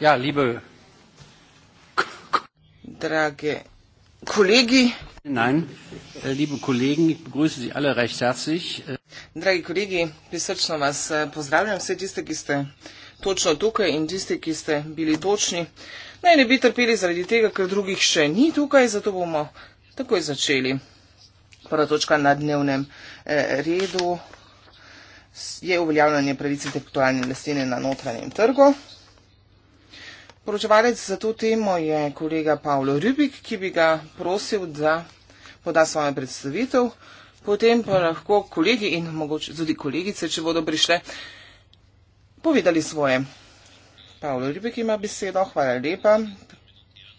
Ja, liebe Drage kolegi. Nein, äh, liebe Kollegen, ich begrüße Sie alle recht herzlich. Dragi kolegi, prisrčno vas äh, pozdravljam, vse tiste, ki ste točno tukaj in tiste, ki ste bili točni. Naj ne bi trpeli zaradi tega, ker drugih še ni tukaj, zato bomo takoj začeli. Prva točka na dnevnem eh, redu je uveljavljanje pravice tektualne lesene na notranjem trgu. Poročevalec za to temo je kolega Pavlo Rubik, ki bi ga prosil, da poda svojo predstavitev. Potem pa lahko kolegi in mogoče tudi kolegice, če bodo prišle, povedali svoje. Pavlo Rubik ima besedo. Hvala lepa,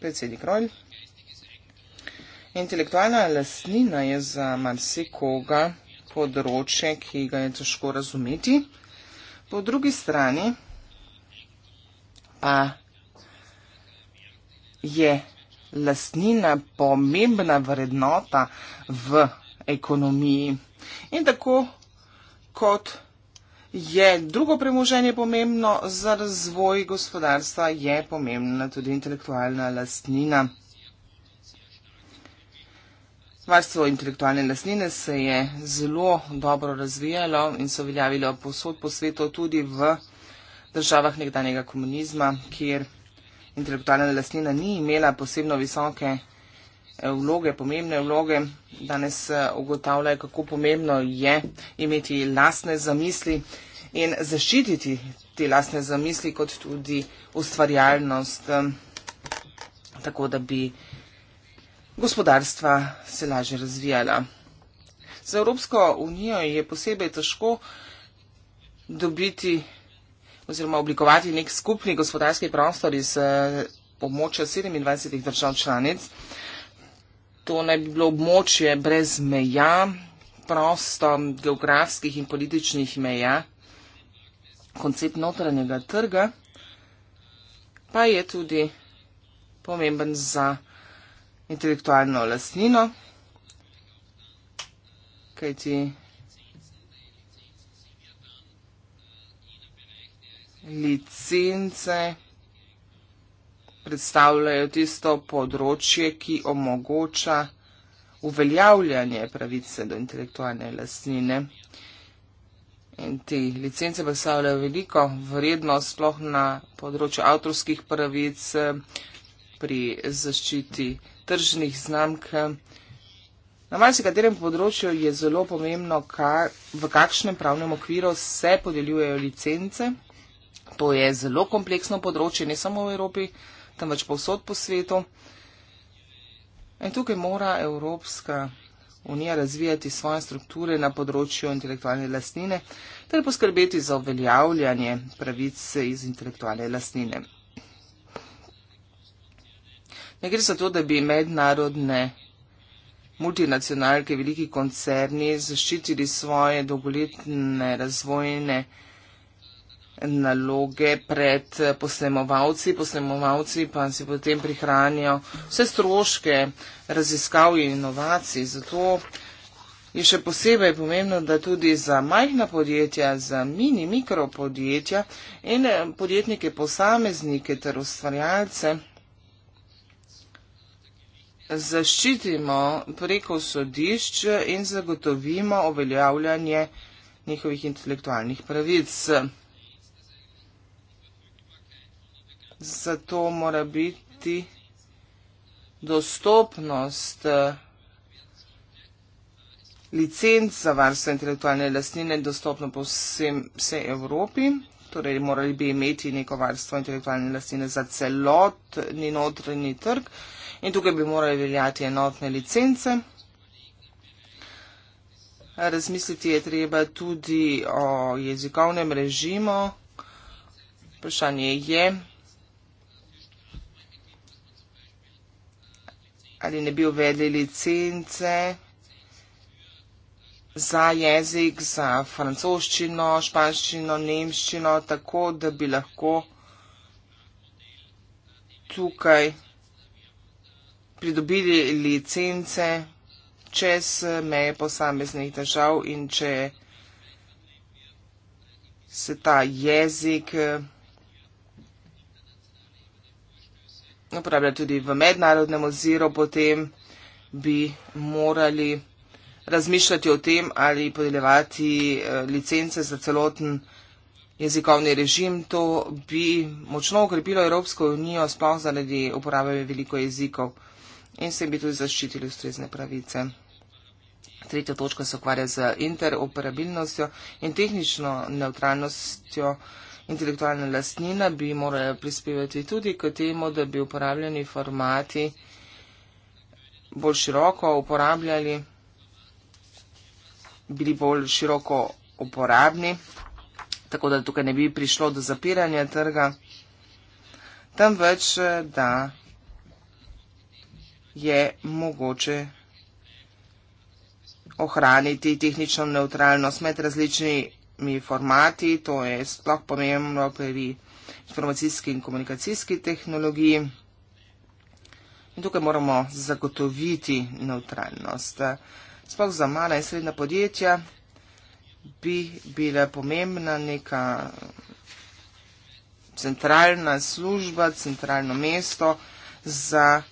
predsednik Rojl. Intelektualna lastnina je za marsikoga področje, ki ga je težko razumeti. Po drugi strani pa je lastnina pomembna vrednota v ekonomiji. In tako kot je drugo premoženje pomembno za razvoj gospodarstva, je pomembna tudi intelektualna lastnina. Varstvo intelektualne lastnine se je zelo dobro razvijalo in so veljavilo posod po svetu tudi v državah nekdanjega komunizma, kjer intelektualna lastnina ni imela posebno visoke eh, vloge, pomembne vloge. Danes eh, ugotavljajo, kako pomembno je imeti lasne zamisli in zaščititi te lasne zamisli, kot tudi ustvarjalnost, eh, tako da bi gospodarstva se lažje razvijala. Za Evropsko unijo je posebej težko dobiti oziroma oblikovati nek skupni gospodarski prostor iz eh, območja 27 držav članic. To naj bi bilo območje brez meja, prosto geografskih in političnih meja. Koncept notranjega trga pa je tudi pomemben za intelektualno lastnino, kajti licence predstavljajo tisto področje, ki omogoča uveljavljanje pravice do intelektualne lastnine. In te licence predstavljajo veliko vrednost, sploh na področju avtorskih pravic, pri zaščiti tržnih znamk. Na marsikaterem področju je zelo pomembno, kar, v kakšnem pravnem okviru se podeljujejo licence. To je zelo kompleksno področje, ne samo v Evropi, temveč povsod po svetu. In tukaj mora Evropska unija razvijati svoje strukture na področju intelektualne lastnine ter poskrbeti za uveljavljanje pravice iz intelektualne lastnine. Ne gre za to, da bi mednarodne multinacionalke, veliki koncerni zaščitili svoje dolgoletne razvojne naloge pred poslemovalci, poslemovalci pa si potem prihranijo vse stroške raziskav in inovacij. Zato je še posebej pomembno, da tudi za majhna podjetja, za mini mikropodjetja in eh, podjetnike posameznike ter ustvarjalce zaščitimo preko sodišč in zagotovimo uveljavljanje njihovih intelektualnih pravic. zato mora biti dostopnost eh, licenc za varstvo intelektualne lastnine dostopno po vsem, vse Evropi. Torej, morali bi imeti neko varstvo intelektualne lastnine za celotni notrni trg in tukaj bi morali veljati enotne licence. Razmisliti je treba tudi o jezikovnem režimu. Vprašanje je, ali ne bi uvedli licence za jezik, za francoščino, španščino, nemščino, tako da bi lahko tukaj pridobili licence čez meje posameznih držav in če se ta jezik vsega, uporabljati tudi v mednarodnem oziru, potem bi morali razmišljati o tem ali podeljevati eh, licence za celoten jezikovni režim. To bi močno okrepilo Evropsko unijo, sploh zaradi uporabe veliko jezikov in se bi tudi zaščitili ustrezne pravice. Tretja točka se ukvarja z interoperabilnostjo in tehnično neutralnostjo intelektualna lastnina bi morala prispevati tudi k temu, da bi uporabljeni formati bolj široko uporabljali, bili bolj široko uporabni, tako da tukaj ne bi prišlo do zapiranja trga, temveč da je mogoče ohraniti tehnično neutralnost med različnimi vsemi formati, to je sploh pomembno pri informacijski in komunikacijski tehnologiji. In tukaj moramo zagotoviti neutralnost. Sploh za mala in srednja podjetja bi bila pomembna neka centralna služba, centralno mesto za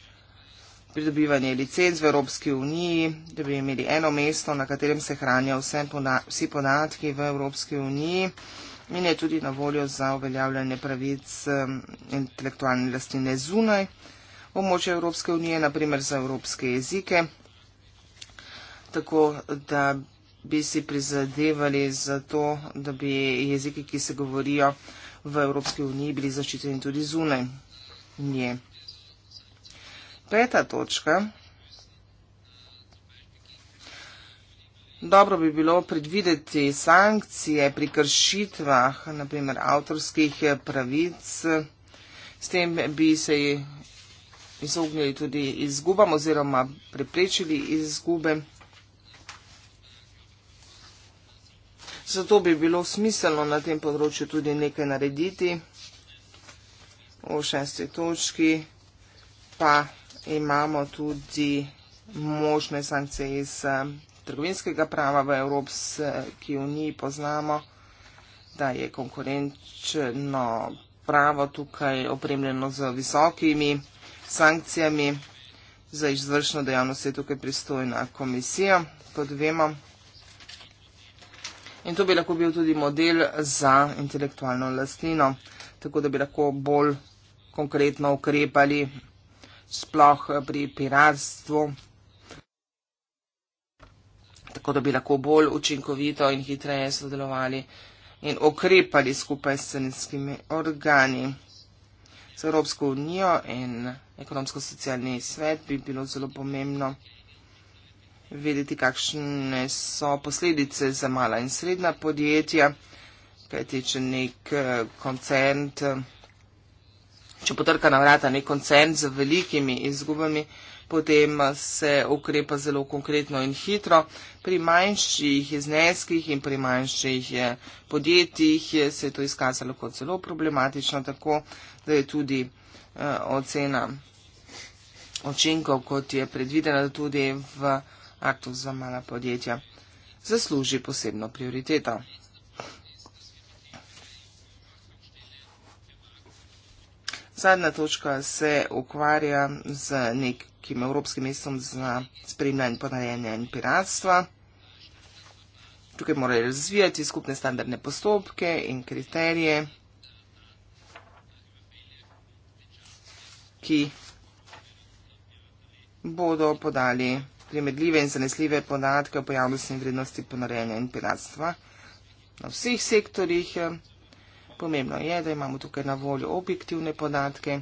pridobivanje licenc v Evropski uniji, da bi imeli eno mesto, na katerem se hranijo vsi podatki v Evropski uniji in je tudi na voljo za uveljavljanje pravic um, intelektualne lastnine zunaj območja Evropske unije, naprimer za evropske jezike, tako da bi si prizadevali za to, da bi jeziki, ki se govorijo v Evropski uniji, bili zaščiteni tudi zunaj nje. Peta točka. Dobro bi bilo predvideti sankcije pri kršitvah, naprimer avtorskih pravic. S tem bi se izognili tudi izgubam oziroma preprečili izgube. Zato bi bilo smiselno na tem področju tudi nekaj narediti. O šesti točki pa imamo tudi možne sankcije iz eh, trgovinskega prava v Evropski uniji. Poznamo, da je konkurenčno pravo tukaj opremljeno z visokimi sankcijami. Za izvršno dejavnost je tukaj pristojna komisija, kot vemo. In to bi lahko bil tudi model za intelektualno lastnino, tako da bi lahko bolj konkretno ukrepali sploh eh, pri piratstvu, tako da bi lahko bolj učinkovito in hitreje sodelovali in okrepali skupaj s senetskimi organi. Z Evropsko unijo in ekonomsko-socialni svet bi bilo zelo pomembno vedeti, kakšne so posledice za mala in srednja podjetja, kaj teče nek eh, koncert. Uh, če potrka na vrata nek koncent z velikimi izgubami, potem eh, se ukrepa zelo konkretno in hitro. Pri manjših izneskih in pri manjših eh, podjetjih eh, se je to izkazalo kot zelo problematično, tako da je tudi eh, ocena očinkov, kot je predvidena tudi v aktu za mala podjetja, zasluži posebno prioriteto. Zadnja točka se ukvarja z nekim evropskim mestom za spremljanje ponarejanja in piratstva. Tukaj morajo razvijati skupne standardne postopke in kriterije, ki bodo podali primedljive in zanesljive podatke o pojavnosti in vrednosti ponarejanja in piratstva na vseh sektorjih Pomembno je, da imamo tukaj na voljo objektivne podatke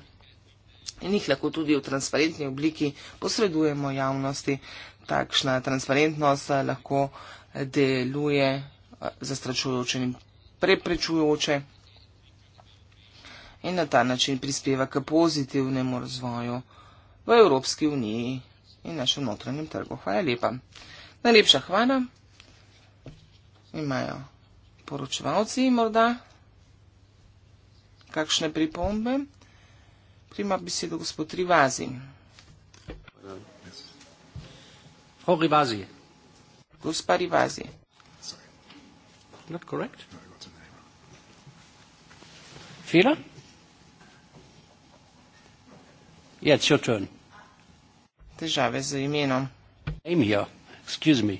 in jih lahko tudi v transparentni obliki posredujemo javnosti. Takšna transparentnost eh, lahko deluje eh, zastrašujoče in preprečujoče in na ta način prispeva k pozitivnemu razvoju v Evropski uniji in našem notranjem trgu. Hvala lepa. Najlepša hvala. Imajo poročevalci morda kakšne pripombe, prima besedo gospod Rivazi. Oh, Rivazi. Gospa Rivazi. Fila? Yeah, Težave z imenom. Emio, excuse me.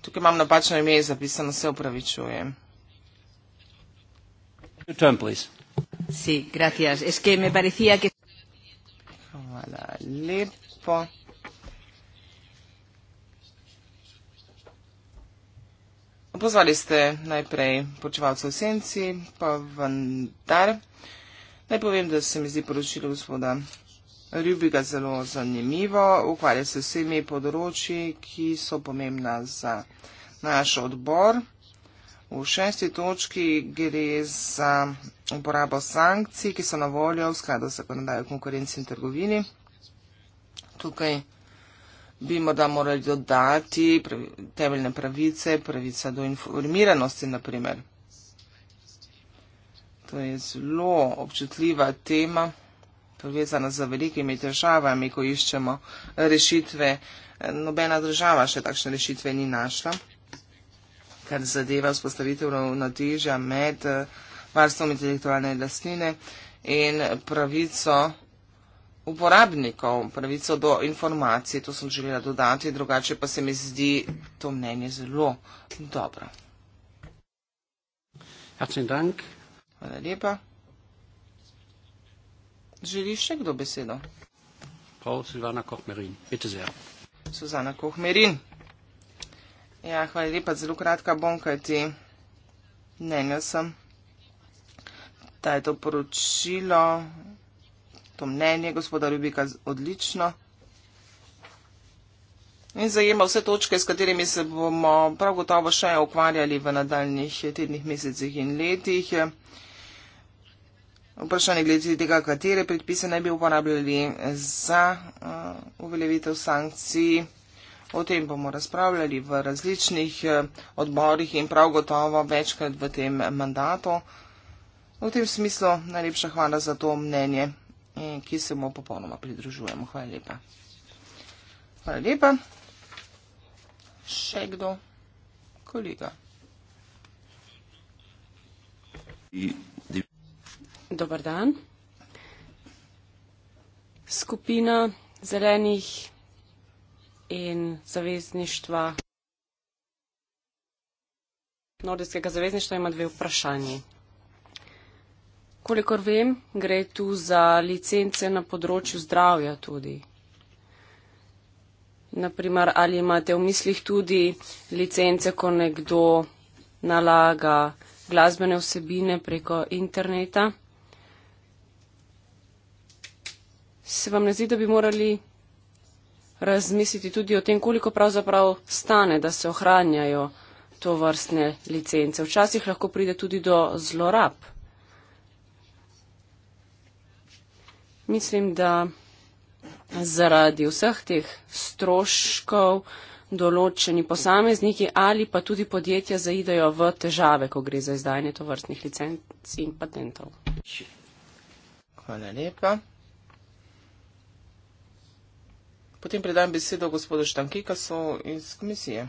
Tukaj imam napačno ime zapisano, se upravičujem. Your turn, please. Sí, gracias. Es que me parecía que. Hvala lepo. Pozvali ste najprej počevalce v senci, pa vendar. Naj povem, da se mi zdi poročilo gospoda Ljubiga zelo zanimivo. Ukvarja se s vsemi področji, ki so pomembna za naš odbor. V šesti točki gre za uporabo sankcij, ki so na voljo v skladu z zakonodajo konkurenci in trgovini. Tukaj bi morda morali dodati temeljne pravice, pravica do informiranosti, naprimer. To je zelo občutljiva tema, povezana z velikimi težavami, ko iščemo rešitve. Nobena država še takšne rešitve ni našla kar zadeva vzpostavitev ravnotežja med eh, varstvom intelektualne lastnine in pravico uporabnikov, pravico do informacij. To sem želela dodati, drugače pa se mi zdi to mnenje zelo dobro. Hvala lepa. Želi še kdo besedo? Prav, Silvana Kohmerin. Suzana Kohmerin. Ja, hvala lepa, zelo kratka bom, kaj ti mnenja sem, da je to poročilo, to mnenje gospoda Ljubika odlično. In zajema vse točke, s katerimi se bomo prav gotovo še ukvarjali v nadaljnih tednih, mesecih in letih. Vprašanje glede tega, katere predpise naj bi uporabljali za uh, uveljavitev sankcij. O tem bomo razpravljali v različnih eh, odborih in prav gotovo večkrat v tem mandatu. V tem smislu najlepša hvala za to mnenje, eh, ki se mu popolnoma pridružujemo. Hvala lepa. Hvala lepa. Še kdo? Kolega. Dobar dan. Skupina zelenih in zavezništva. Nordijskega zavezništva ima dve vprašanji. Kolikor vem, gre tu za licence na področju zdravja tudi. Naprimer, ali imate v mislih tudi licence, ko nekdo nalaga glasbene vsebine preko interneta? Se vam ne zdi, da bi morali razmisliti tudi o tem, koliko pravzaprav stane, da se ohranjajo to vrstne licence. Včasih lahko pride tudi do zlorab. Mislim, da zaradi vseh teh stroškov določeni posamezniki ali pa tudi podjetja zaidajo v težave, ko gre za izdajanje tovrstnih licenc in patentov. Hvala lepa. Potem predam besedo gospodu Štankekasu iz komisije.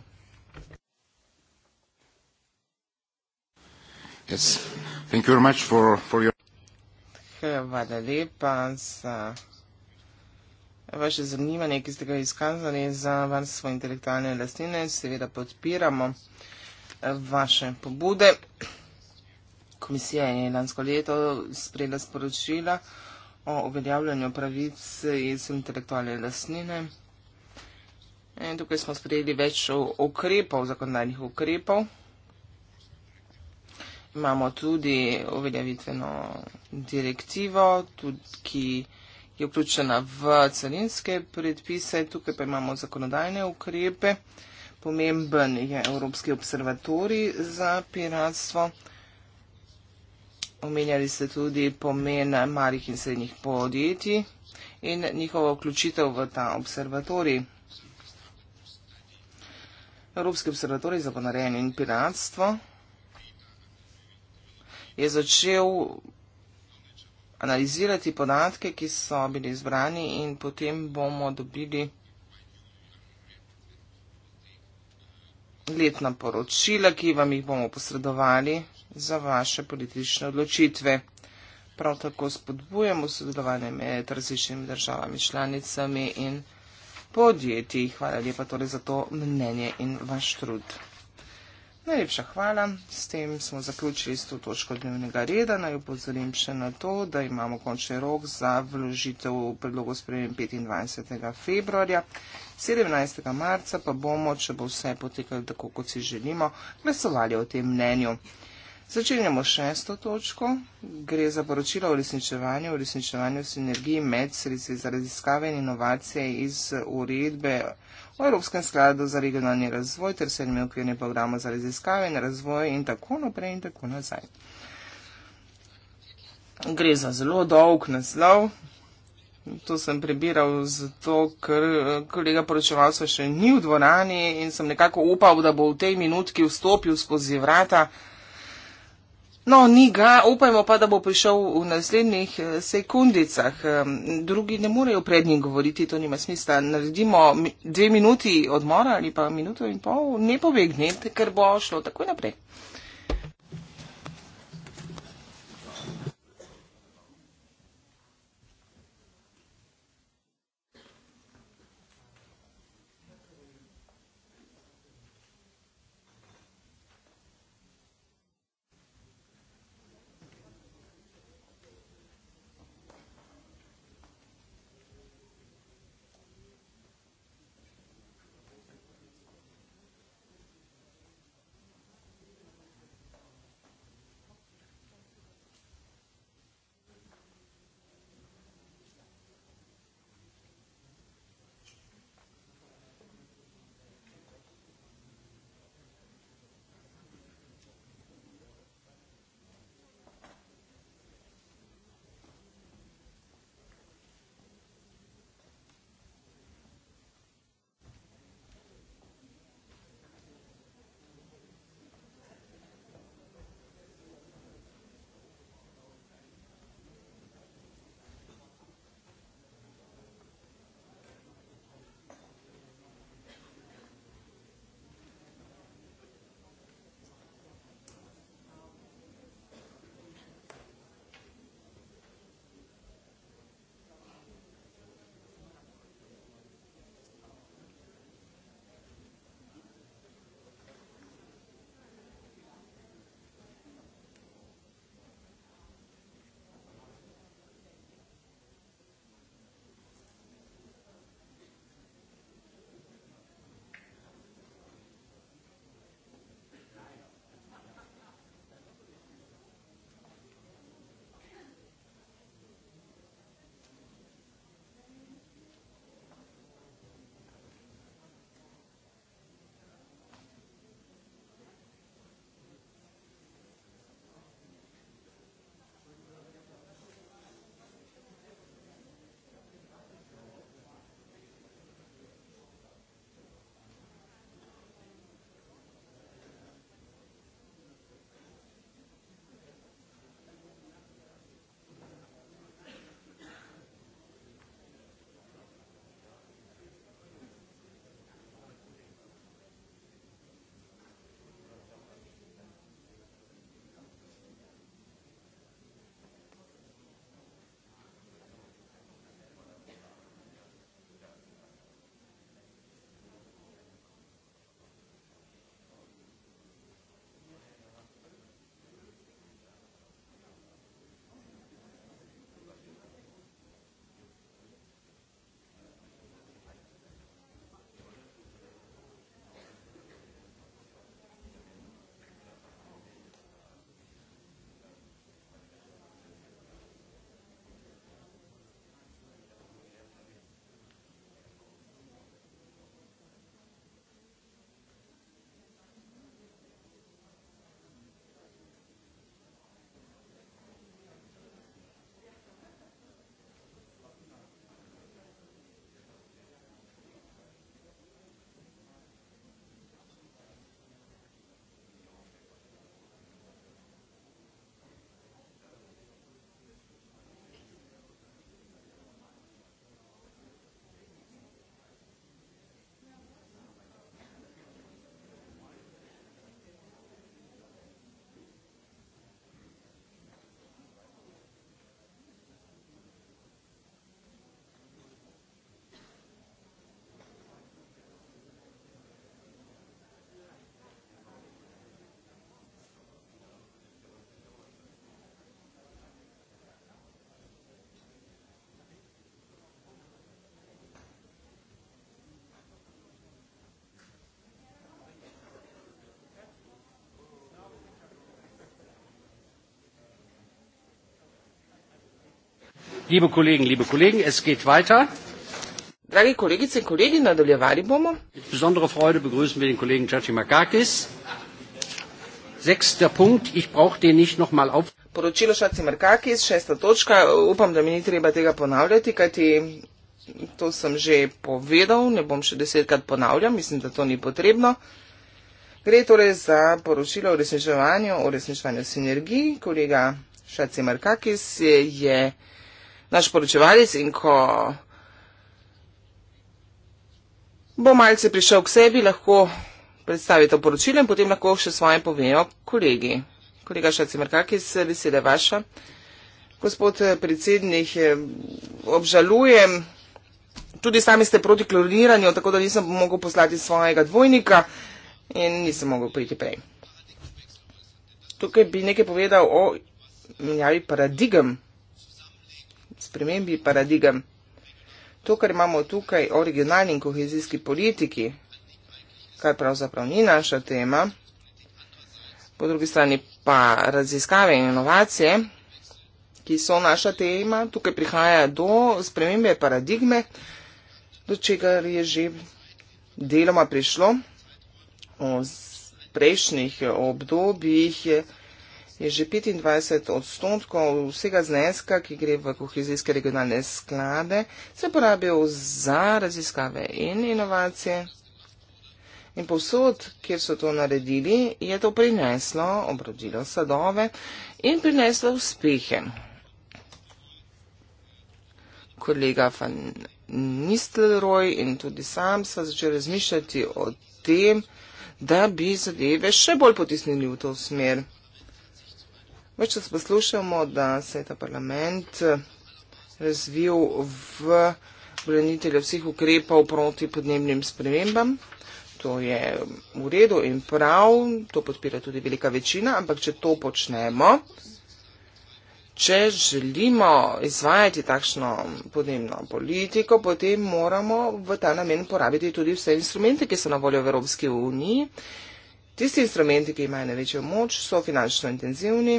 Yes. Thank you very much for, for your... Hvala lepa za vaše zanimanje, ki ste ga izkazali za varstvo intelektualne lastnine. Seveda podpiramo eh, vaše pobude. Komisija je lansko leto sprejela sporočila o uveljavljanju pravic iz intelektualne lasnine. E, tukaj smo sprejeli več ukrepov, zakonodajnih ukrepov. Imamo tudi uveljavitveno direktivo, tudi, ki je vključena v carinske predpise. Tukaj pa imamo zakonodajne ukrepe. Pomemben je Evropski observatori za piratstvo omenjali ste tudi pomen malih in srednjih podjetij in njihovo vključitev v ta observatorij. Evropski observatorij za ponarejanje in piratstvo je začel analizirati podatke, ki so bili izbrani in potem bomo dobili letna poročila, ki vam jih bomo posredovali za vaše politične odločitve. Prav tako spodbujamo sodelovanje med različnimi državami, članicami in podjetji. Hvala lepa torej za to mnenje in vaš trud. Najlepša hvala. S tem smo zaključili s to točko dnevnega reda. Naj upozorim še na to, da imamo končni rok za vložitev predlogov sprejem 25. februarja. 17. marca pa bomo, če bo vse potekalo tako, kot si želimo, glasovali o tem mnenju. Začenjamo šesto točko. Gre za poročilo o resničevanju, o resničevanju sinergiji med sredstvi za raziskave in inovacije iz uredbe o Evropskem skladu za regionalni razvoj ter sedmi okvirni program za raziskave in razvoj in tako naprej in tako nazaj. Gre za zelo dolg naslov. To sem prebiral zato, ker eh, kolega poročevalca še ni v dvorani in sem nekako upal, da bo v tej minutki vstopil skozi vrata. No, ni ga, upajmo pa, da bo prišel v naslednjih eh, sekundicah. Drugi ne morejo pred njim govoriti, to nima smisla. Naredimo dve minuti odmora ali pa minuto in pol, ne pobegnete, ker bo šlo takoj naprej. liebe Kollegen, liebe Kollegen, es geht weiter. Dragi kolegice in kolegi, nadaljevali bomo. Z besondero freude begrüßen wir den Kollegen Čači Markakis. Sechster Punkt, ich brauche den nicht nochmal auf. Poročilo Čači Markakis, šesta točka, upam, da mi ni treba tega ponavljati, kajti to sem že povedal, ne bom še desetkrat ponavljal, mislim, da to ni potrebno. Gre torej za poročilo o resničevanju, o resničevanju sinergij. Kolega Šacimarkakis je. je naš poročevalec in ko bo malce prišel k sebi, lahko predstavite poročilo in potem lahko še svoje povejo kolegi. Kolega Šacimer, kak je se veselja vaša? Gospod eh, predsednik, eh, obžalujem, tudi sami ste proti kloriniranju, tako da nisem mogel poslati svojega dvojnika in nisem mogel priti prej. Tukaj bi nekaj povedal o menjavi paradigem spremembi paradigem. To, kar imamo tukaj o regionalni in kohezijski politiki, kar pravzaprav ni naša tema, po drugi strani pa raziskave in inovacije, ki so naša tema, tukaj prihaja do spremembe paradigme, do čega je že deloma prišlo. O prejšnjih obdobjih je je že 25 odstotkov vsega zneska, ki gre v kohezijske regionalne sklade, se porabijo za raziskave in inovacije. In povsod, kjer so to naredili, je to prineslo, obrodilo sadove in prineslo uspehe. Kolega Van Nistelrooy in tudi sam so začeli razmišljati o tem, da bi zadeve še bolj potisnili v to smer. Več čas poslušamo, da se je ta parlament eh, razvil v branitelja vseh ukrepov proti podnebnim spremembam. To je v redu in prav, to podpira tudi velika večina, ampak če to počnemo, če želimo izvajati takšno podnebno politiko, potem moramo v ta namen porabiti tudi vse instrumente, ki so na voljo v Evropski uniji. Tisti instrumenti, ki imajo največjo moč, so finančno intenzivni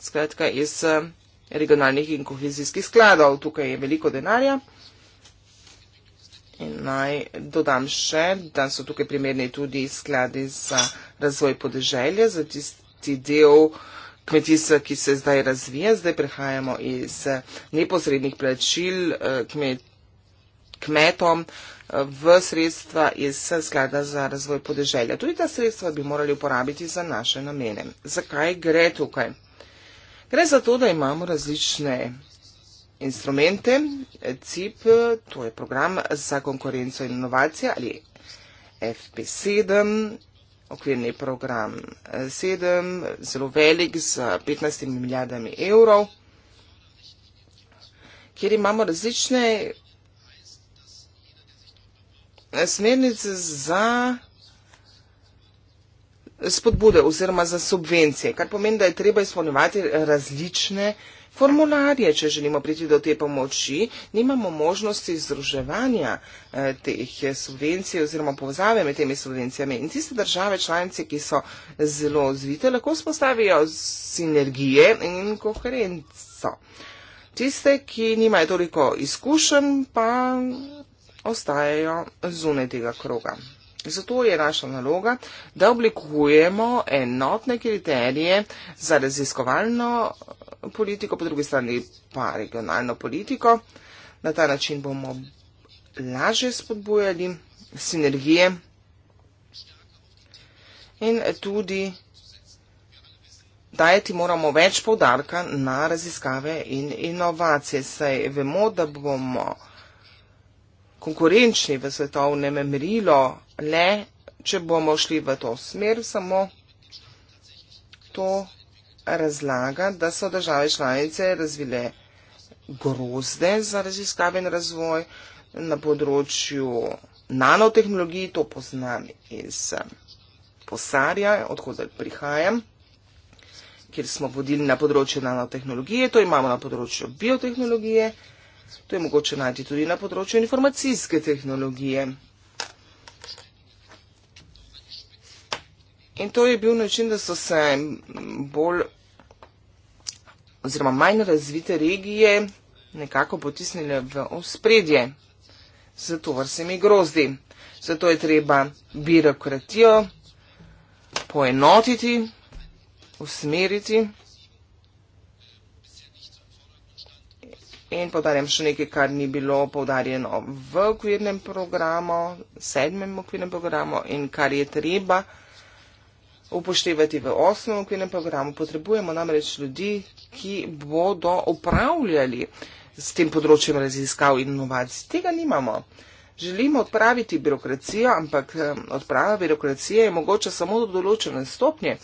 skratka iz eh, regionalnih in kohezijskih skladov. Tukaj je veliko denarja. In naj dodam še, da so tukaj primerni tudi skladi za razvoj podeželja, za tisti del kmetijstva, ki se zdaj razvija. Zdaj prehajamo iz eh, neposrednih plačil eh, kmet, kmetom v sredstva iz sklada za razvoj podeželja. Tudi ta sredstva bi morali uporabiti za naše namene. Zakaj gre tukaj? Gre za to, da imamo različne instrumente. CIP, to je program za konkurenco in inovacije ali FP7, okvirni program 7, zelo velik z 15 milijardami evrov, kjer imamo različne smernice za spodbude oziroma za subvencije, kar pomeni, da je treba izpolnjevati različne formularje, če želimo priti do te pomoči. Nimamo možnosti združevanja eh, teh subvencij oziroma povezave med temi subvencijami. In tiste države članice, ki so zelo zvite, lahko spostavijo sinergije in koherenco. Tiste, ki nimajo toliko izkušenj, pa ostajajo zunaj tega kroga. Zato je naša naloga, da oblikujemo enotne kriterije za raziskovalno politiko, po drugi strani pa regionalno politiko. Na ta način bomo lažje spodbujali sinergije in tudi dajati moramo več povdarka na raziskave in inovacije. Saj vemo, da bomo konkurenčni v svetovnem merilu, le če bomo šli v to smer, samo to razlaga, da so države članice razvile grozde za raziskave in razvoj na področju nanotehnologij, to poznam iz Posarja, odhodek prihajam kjer smo vodili na področju nanotehnologije, to imamo na področju biotehnologije, To je mogoče najti tudi na področju informacijske tehnologije. In to je bil način, da so se bolj oziroma manj razvite regije nekako potisnile v ospredje. Zato vr se mi grozdi. Zato je treba birokratijo poenotiti, usmeriti. In povdarjam še nekaj, kar ni bilo povdarjeno v okvirnem programu, sedmem okvirnem programu in kar je treba upoštevati v osmem okvirnem programu. Potrebujemo namreč ljudi, ki bodo upravljali s tem področjem raziskav in inovacij. Tega nimamo. Želimo odpraviti birokracijo, ampak odprava birokracije je mogoče samo do določene stopnje.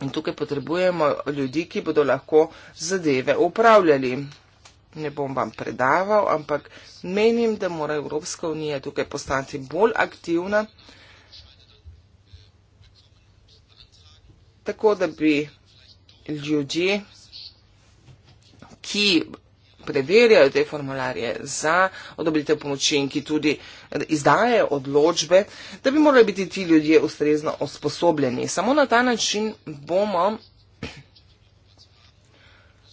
In tukaj potrebujemo ljudi, ki bodo lahko zadeve upravljali ne bom vam predaval, ampak menim, da mora Evropska unija tukaj postati bolj aktivna, tako da bi ljudje, ki preverjajo te formularje za odobritev pomoči in ki tudi izdajajo odločbe, da bi morali biti ti ljudje ustrezno osposobljeni. Samo na ta način bomo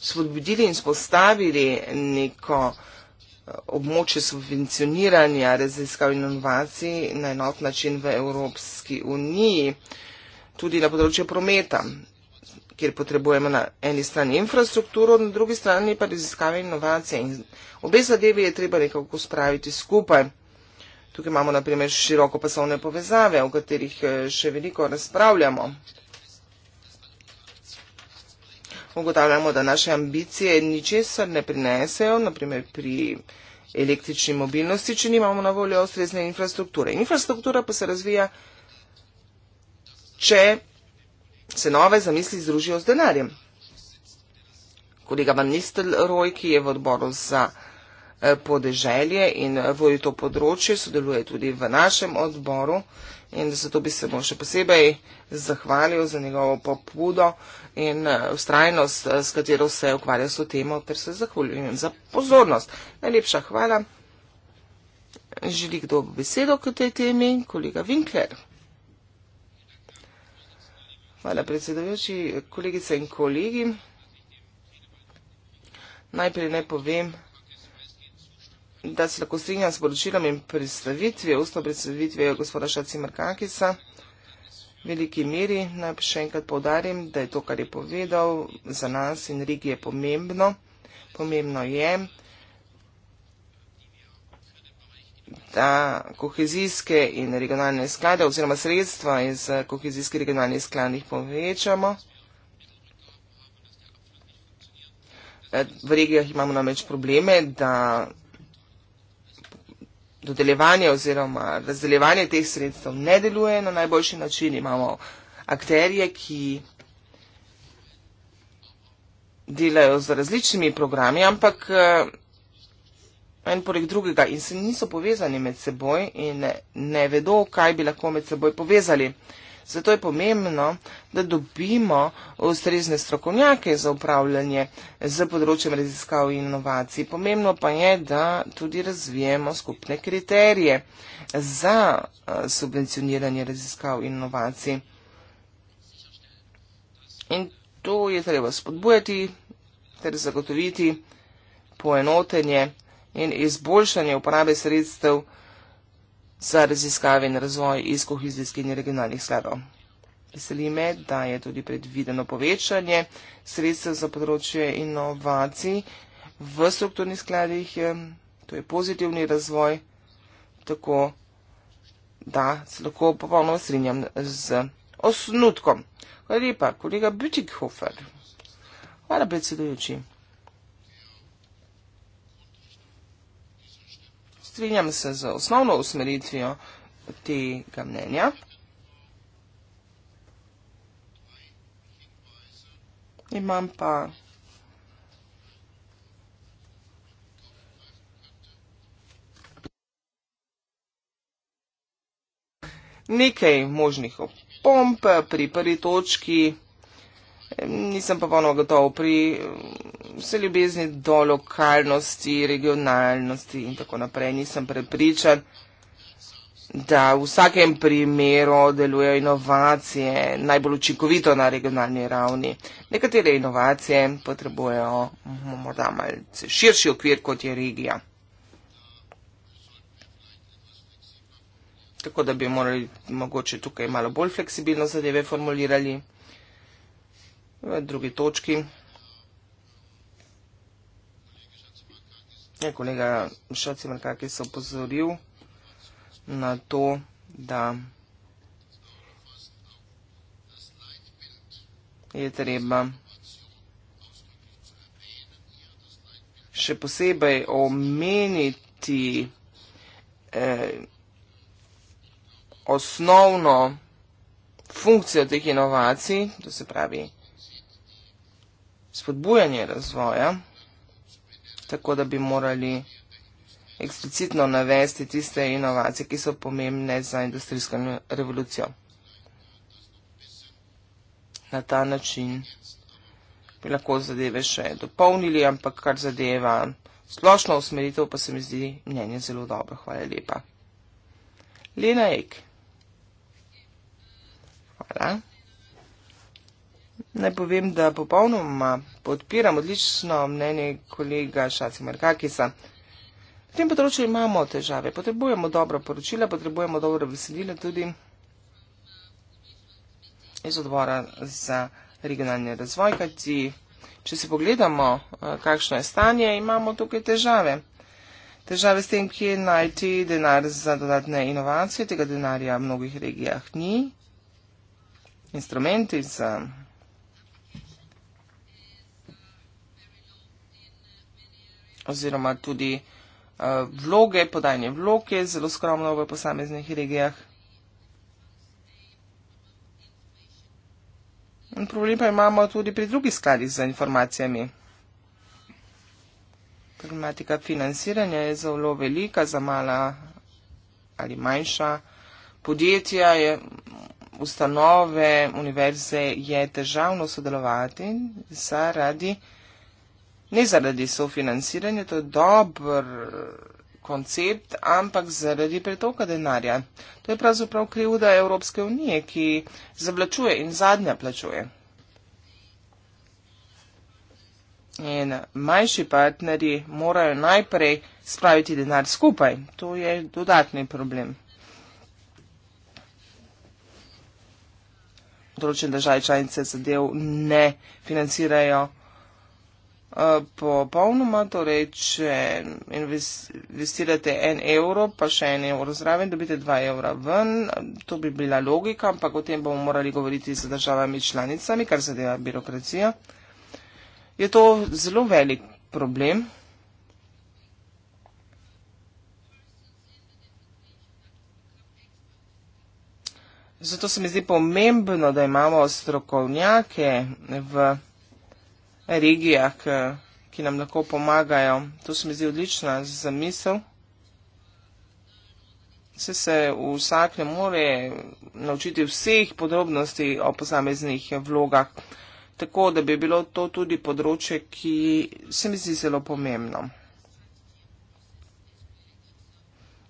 spodbudili in spostavili neko eh, območje subvencioniranja raziskav in inovacij na enot način v Evropski uniji, tudi na področju prometa, kjer potrebujemo na eni strani infrastrukturo, na drugi strani pa raziskave in inovacije. In obe zadevi je treba nekako spraviti skupaj. Tukaj imamo naprimer široko pasovne povezave, o katerih eh, še veliko razpravljamo ugotavljamo, da naše ambicije ničesar ne prinesejo, naprimer pri električni mobilnosti, če nimamo na voljo ustrezne infrastrukture. Infrastruktura pa se razvija, če se nove zamisli združijo z denarjem. Kolega Van Nistelrooy, ki je v odboru za eh, podeželje in eh, vodi to področje, sodeluje tudi v našem odboru, in zato bi se mu še posebej zahvalil za njegovo popudo in ustrajnost, eh, eh, s katero se je ukvarjal s to temo, ter se zahvaljujem za pozornost. Najlepša hvala. Želi kdo besedo k tej temi? Kolega Winkler. Hvala, predsedujoči, kolegice in kolegi. Najprej ne povem, da se lahko strinjam s poročilom in predstavitvijo, ustno predstavitvijo gospoda Šaci Markakisa. V veliki meri naj še enkrat povdarim, da je to, kar je povedal, za nas in regije pomembno. Pomembno je, da kohezijske in regionalne sklade oziroma sredstva iz eh, kohezijskih regionalnih skladnih povečamo. Eh, v regijah imamo namreč probleme, da dodeljevanje oziroma razdeljevanje teh sredstev ne deluje na najboljši način. Imamo akterje, ki delajo z različnimi programi, ampak eh, en poleg drugega in se niso povezani med seboj in ne, ne vedo, kaj bi lahko med seboj povezali. Zato je pomembno, da dobimo ustrezne strokovnjake za upravljanje z področjem raziskav in inovacij. Pomembno pa je, da tudi razvijemo skupne kriterije za eh, subvencioniranje raziskav in inovacij. In to je treba spodbujati ter zagotoviti poenotenje in izboljšanje uporabe sredstev za raziskave in razvoj iz kohezijskih in regionalnih skladov. Veseli me, da je tudi predvideno povečanje sredstev za področje inovacij v strukturnih skladih. To je pozitivni razvoj, tako da se lahko popolnoma strinjam z osnutkom. Hvala lepa, kolega Bütikhofer. Hvala predsedujoči. strinjam se z osnovno usmeritvijo tega mnenja. Imam pa nekaj možnih opomb pri prvi točki nisem pa ponovno gotov pri eh, vse ljubezni do lokalnosti, regionalnosti in tako naprej. Nisem prepričan, da v vsakem primeru delujejo inovacije najbolj učinkovito na regionalni ravni. Nekatere inovacije potrebujejo hm, morda malce širši okvir, kot je regija. Tako da bi morali mogoče tukaj malo bolj fleksibilno zadeve formulirali v drugi točki. Je kolega Šacimarkaki se opozoril na to, da je treba še posebej omeniti eh, osnovno funkcijo teh inovacij, to se pravi spodbujanje razvoja, tako da bi morali eksplicitno navesti tiste inovacije, ki so pomembne za industrijsko revolucijo. Na ta način bi lahko zadeve še dopolnili, ampak kar zadeva splošno usmeritev, pa se mi zdi mnenje zelo dobro. Hvala lepa. Lena Ek. Hvala. Naj povem, da popolnoma podpiram odlično mnenje kolega Šaci Markakisa. V tem področju imamo težave, potrebujemo dobro poročila, potrebujemo dobro veselila tudi iz odbora za regionalni razvoj, kajti če si pogledamo, eh, kakšno je stanje, imamo tukaj težave. Težave s tem, kje najti denar za dodatne inovacije, tega denarja v mnogih regijah ni. Instrumenti za oziroma tudi eh, vloge, podajanje vloge, zelo skromno v posameznih regijah. Problem pa imamo tudi pri drugih skladih za informacijami. Problematika financiranja je zelo velika za mala ali manjša podjetja, je, ustanove, univerze je težavno sodelovati zaradi ne zaradi sofinanciranja, to je dober koncept, ampak zaradi pretoka denarja. To je pravzaprav krivda Evropske unije, ki zavlačuje in zadnja plačuje. In manjši partnerji morajo najprej spraviti denar skupaj. To je dodatni problem. Odročen državi članice zadev ne financirajo popolnoma, torej, če investirate en evro, pa še en evro zraven, dobite dva evra ven, to bi bila logika, ampak o tem bomo morali govoriti z državami članicami, kar zadeva birokracija. Je to zelo velik problem. Zato se mi zdi pomembno, da imamo strokovnjake v regijah, eh, ki nam lahko pomagajo. To se mi zdi odlična zamisel. Se se vsak ne more naučiti vseh podrobnosti o posameznih vlogah, tako da bi bilo to tudi področje, ki se mi zdi zelo pomembno.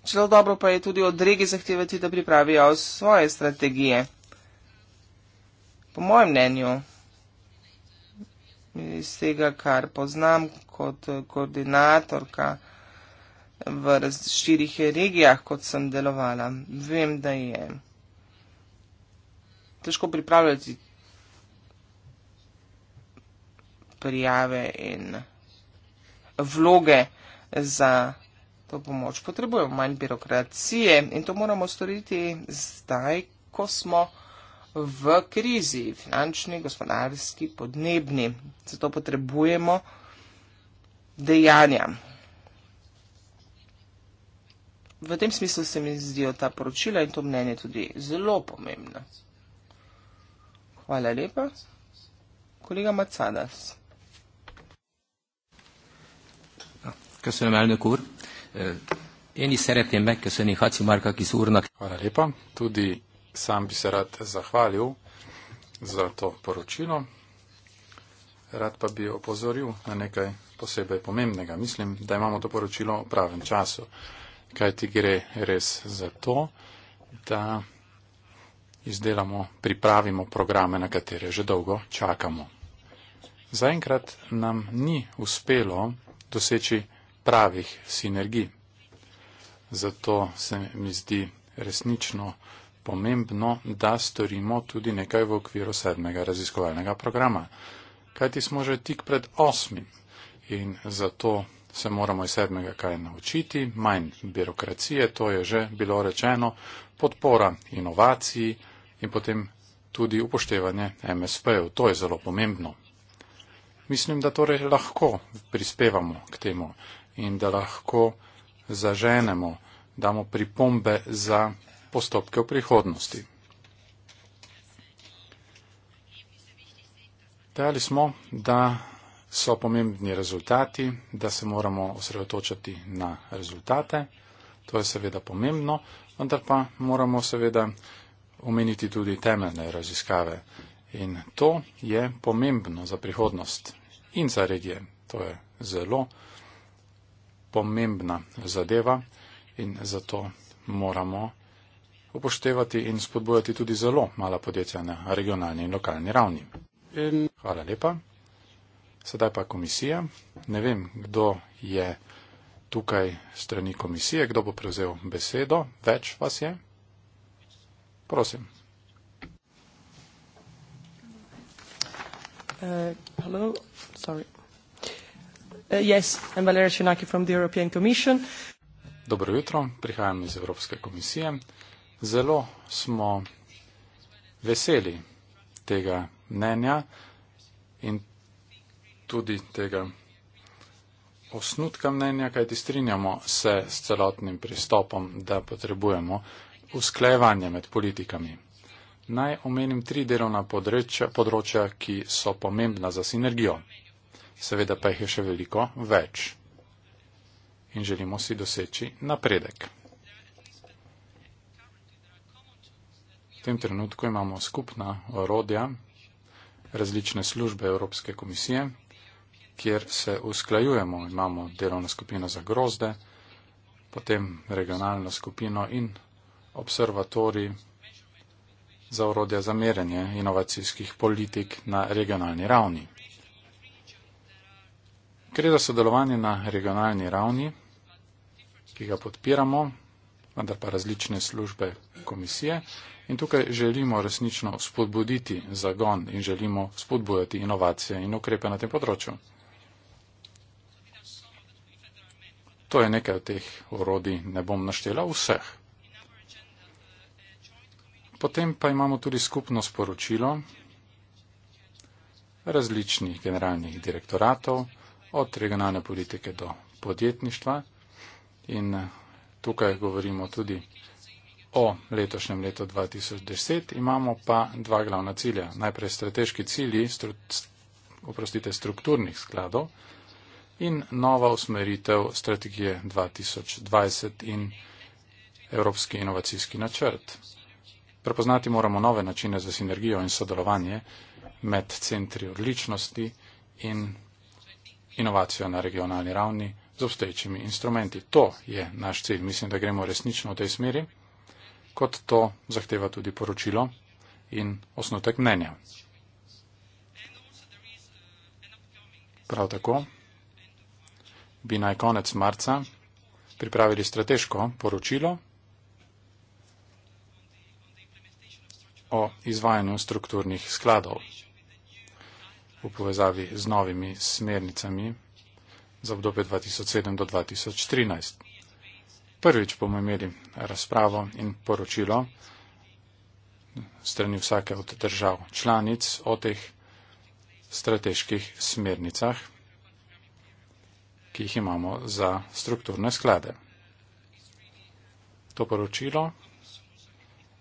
Zelo dobro pa je tudi od regij zahtevati, da pripravijo svoje strategije. Po mojem mnenju, iz tega, kar poznam kot koordinatorka v širih regijah, kot sem delovala. Vem, da je težko pripravljati prijave in vloge za to pomoč. Potrebujemo manj birokracije in to moramo storiti zdaj, ko smo v krizi, finančni, gospodarski, podnebni. Zato potrebujemo dejanja. V tem smislu se mi zdijo ta poročila in to mnenje tudi zelo pomembno. Hvala lepa. Kolega Macadas. Kasne malne kur. Eni serete me, kasne hacimarka, ki so urna. Hvala lepa. Tudi Sam bi se rad zahvalil za to poročilo. Rad pa bi opozoril na nekaj posebej pomembnega. Mislim, da imamo to poročilo v pravem času. Kaj ti gre res za to, da izdelamo, pripravimo programe, na katere že dolgo čakamo. Zaenkrat nam ni uspelo doseči pravih sinergij. Zato se mi zdi resnično pomembno, da storimo tudi nekaj v okviru sedmega raziskovalnega programa. Kajti smo že tik pred osmim in zato se moramo iz sedmega kaj naučiti, manj birokracije, to je že bilo rečeno, podpora inovaciji in potem tudi upoštevanje MSP-ev. To je zelo pomembno. Mislim, da torej lahko prispevamo k temu in da lahko zaženemo, damo pripombe za postopke v prihodnosti. Dejali smo, da so pomembni rezultati, da se moramo osredotočati na rezultate. To je seveda pomembno, vendar pa moramo seveda omeniti tudi temeljne raziskave. In to je pomembno za prihodnost in za regije. To je zelo pomembna zadeva in zato moramo upoštevati in spodbojati tudi zelo mala podjetja na regionalni in lokalni ravni. In hvala lepa. Sedaj pa komisija. Ne vem, kdo je tukaj strani komisije, kdo bo prevzel besedo. Več vas je. Prosim. Uh, hello, sorry. Uh, yes, I'm Valeria Shinaki from the European Commission. Dobro jutro, prihajam iz Evropske komisije. Uh, Zelo smo veseli tega mnenja in tudi tega osnutka mnenja, kajti strinjamo se s celotnim pristopom, da potrebujemo usklejevanje med politikami. Naj omenim tri delovna področja, področja, ki so pomembna za sinergijo. Seveda pa jih je še veliko več. In želimo si doseči napredek. V tem trenutku imamo skupna orodja različne službe Evropske komisije, kjer se usklajujemo. Imamo delovno skupino za grozde, potem regionalno skupino in observatori za orodja za merenje inovacijskih politik na regionalni ravni. Gre za sodelovanje na regionalni ravni, ki ga podpiramo, vendar pa različne službe komisije In tukaj želimo resnično spodbuditi zagon in želimo spodbujati inovacije in ukrepe na tem področju. To je nekaj od teh orodij, ne bom naštela vseh. Potem pa imamo tudi skupno sporočilo različnih generalnih direktoratov, od regionalne politike do podjetništva. In tukaj govorimo tudi o letošnjem letu 2010, imamo pa dva glavna cilja. Najprej strateški cilji, stru, oprostite, strukturnih skladov in nova usmeritev strategije 2020 in Evropski inovacijski načrt. Prepoznati moramo nove načine za sinergijo in sodelovanje med centri odličnosti in inovacijo na regionalni ravni z obstoječimi instrumenti. To je naš cilj. Mislim, da gremo resnično v tej smeri kot to zahteva tudi poročilo in osnotek mnenja. Prav tako bi naj konec marca pripravili strateško poročilo o izvajanju strukturnih skladov v povezavi z novimi smernicami za obdobje 2007 do 2013. Prvič bomo imeli razpravo in poročilo strani vsake od držav članic o teh strateških smernicah, ki jih imamo za strukturne sklade. To poročilo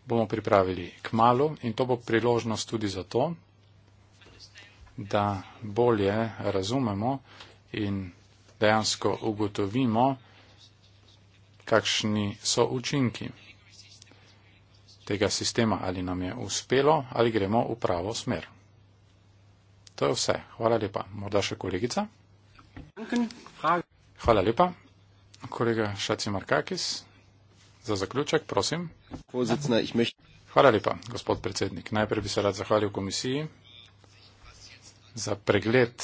bomo pripravili k malu in to bo priložnost tudi za to, da bolje razumemo in dejansko ugotovimo, kakšni so učinki tega sistema, ali nam je uspelo, ali gremo v pravo smer. To je vse. Hvala lepa. Morda še kolegica? Hvala lepa. Kolega Šaci Markakis, za zaključek, prosim. Hvala lepa, gospod predsednik. Najprej bi se rad zahvalil komisiji za pregled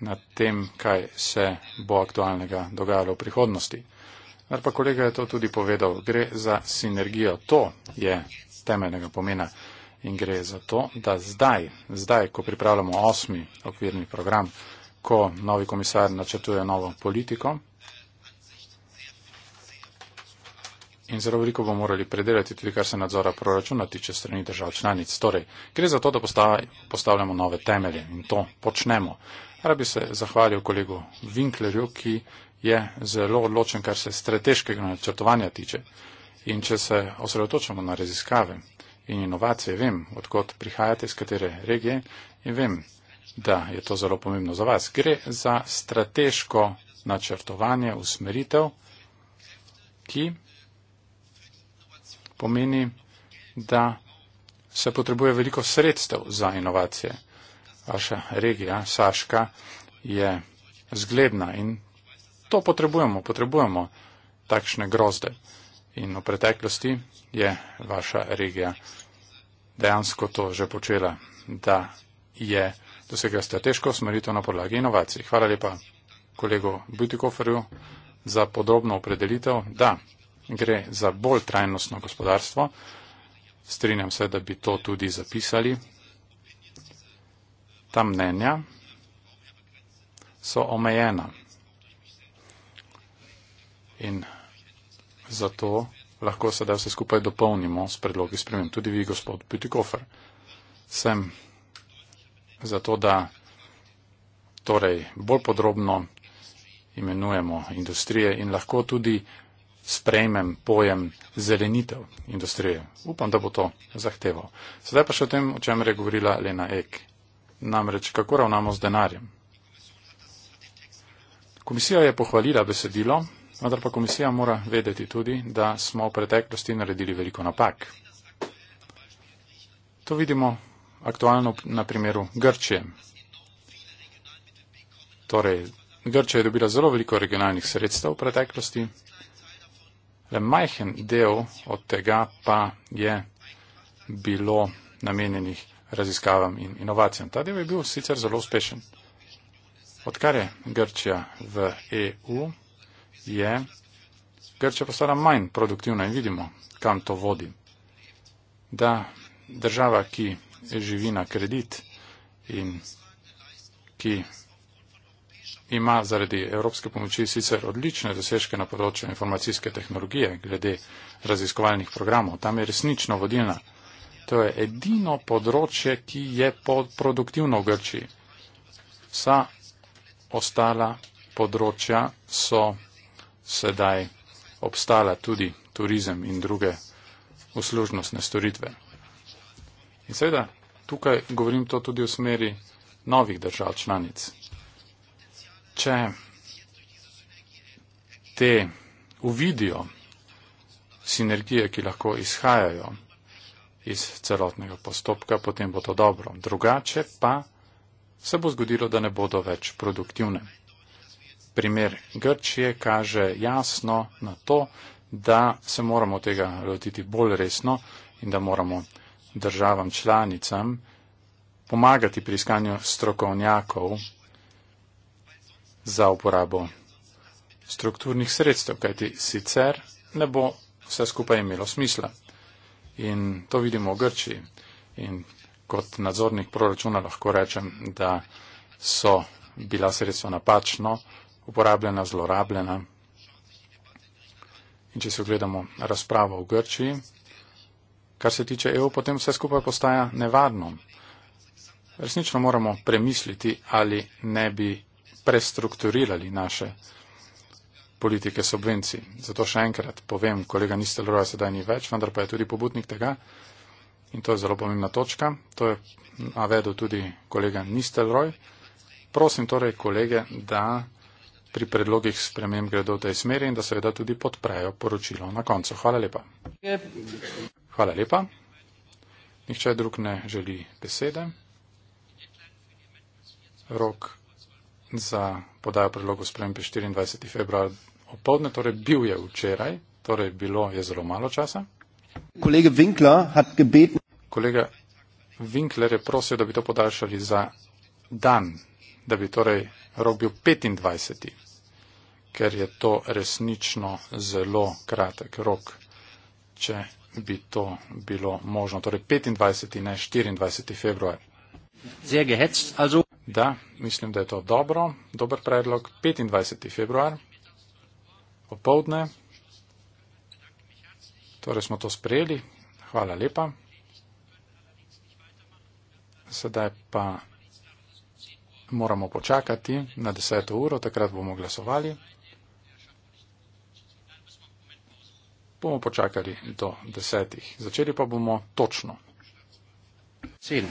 nad tem, kaj se bo aktualnega dogajalo v prihodnosti. Ar pa kolega je to tudi povedal, gre za sinergijo, to je temeljnega pomena in gre za to, da zdaj, zdaj, ko pripravljamo osmi okvirni program, ko novi komisar načrtuje novo politiko in zelo veliko bomo morali predelati tudi, kar se nadzora proračuna tiče strani držav članic. Torej, gre za to, da postavljamo nove temelje in to počnemo. Rad bi se zahvalil kolegu Winklerju, ki je zelo odločen, kar se strateškega načrtovanja tiče. In če se osredotočamo na raziskave in inovacije, vem, odkot prihajate, iz katere regije in vem, da je to zelo pomembno za vas. Gre za strateško načrtovanje, usmeritev, ki pomeni, da se potrebuje veliko sredstev za inovacije. Vaša regija, Saška, je zgledna in to potrebujemo, potrebujemo takšne grozde. In v preteklosti je vaša regija dejansko to že počela, da je dosegla strateško smeritev na podlagi inovacij. Hvala lepa kolego Butikoferju za podrobno opredelitev, da gre za bolj trajnostno gospodarstvo. Strinjam se, da bi to tudi zapisali. Ta mnenja so omejena in zato lahko sedaj vse skupaj dopolnimo s predlogi spremem. Tudi vi, gospod Pitikofer, sem zato, da torej bolj podrobno imenujemo industrije in lahko tudi sprejmem pojem zelenitev industrije. Upam, da bo to zahteval. Sedaj pa še o tem, o čem je govorila Lena Ek. Namreč, kako ravnamo z denarjem? Komisija je pohvalila besedilo, Vendar pa komisija mora vedeti tudi, da smo v preteklosti naredili veliko napak. To vidimo aktualno na primeru Grčije. Torej, Grčija je dobila zelo veliko regionalnih sredstev v preteklosti, le majhen del od tega pa je bilo namenjenih raziskavam in inovacijam. Ta del je bil sicer zelo uspešen. Odkar je Grčija v EU? je Grčija postala manj produktivna in vidimo, kam to vodi. Da država, ki živi na kredit in ki ima zaradi evropske pomoči sicer odlične dosežke na področju informacijske tehnologije glede raziskovalnih programov, tam je resnično vodilna. To je edino področje, ki je produktivno v Grčiji. Vsa ostala področja so sedaj obstala tudi turizem in druge uslužnostne storitve. In seveda, tukaj govorim to tudi v smeri novih držav članic. Če te uvidijo sinergije, ki lahko izhajajo iz celotnega postopka, potem bo to dobro. Drugače pa se bo zgodilo, da ne bodo več produktivne primer Grčije kaže jasno na to, da se moramo tega lotiti bolj resno in da moramo državam članicam pomagati pri iskanju strokovnjakov za uporabo strukturnih sredstev, kajti sicer ne bo vse skupaj imelo smisla. In to vidimo v Grčiji. In kot nadzornik proračuna lahko rečem, da so bila sredstva napačno uporabljena, zlorabljena. In če se ogledamo razpravo v Grčiji, kar se tiče EU, potem vse skupaj postaja nevarno. Resnično moramo premisliti, ali ne bi prestrukturirali naše politike subvencij. Zato še enkrat povem, kolega Nisteloroja sedaj ni več, vendar pa je tudi pobudnik tega in to je zelo pomembna točka. To je navedel tudi kolega Nisteloroj. Prosim torej kolege, da pri predlogih sprememb gredo v tej smeri in da seveda tudi podprejo poročilo na koncu. Hvala lepa. Hvala lepa. Nihče drug ne želi besede. Rok za podajo predlogu spremembe 24. februar opovdne, torej bil je včeraj, torej bilo je zelo malo časa. Kolega Winkler, gebeten... Kolega Winkler je prosil, da bi to podaljšali za dan, da bi torej rok bil 25 ker je to resnično zelo kratek rok, če bi to bilo možno. Torej 25. ne 24. februar. Da, mislim, da je to dobro, dober predlog. 25. februar, popovdne. Torej smo to sprejeli. Hvala lepa. Sedaj pa moramo počakati na 10. uro, takrat bomo glasovali. bomo počakali do desetih. Začeli pa bomo točno. Sedem,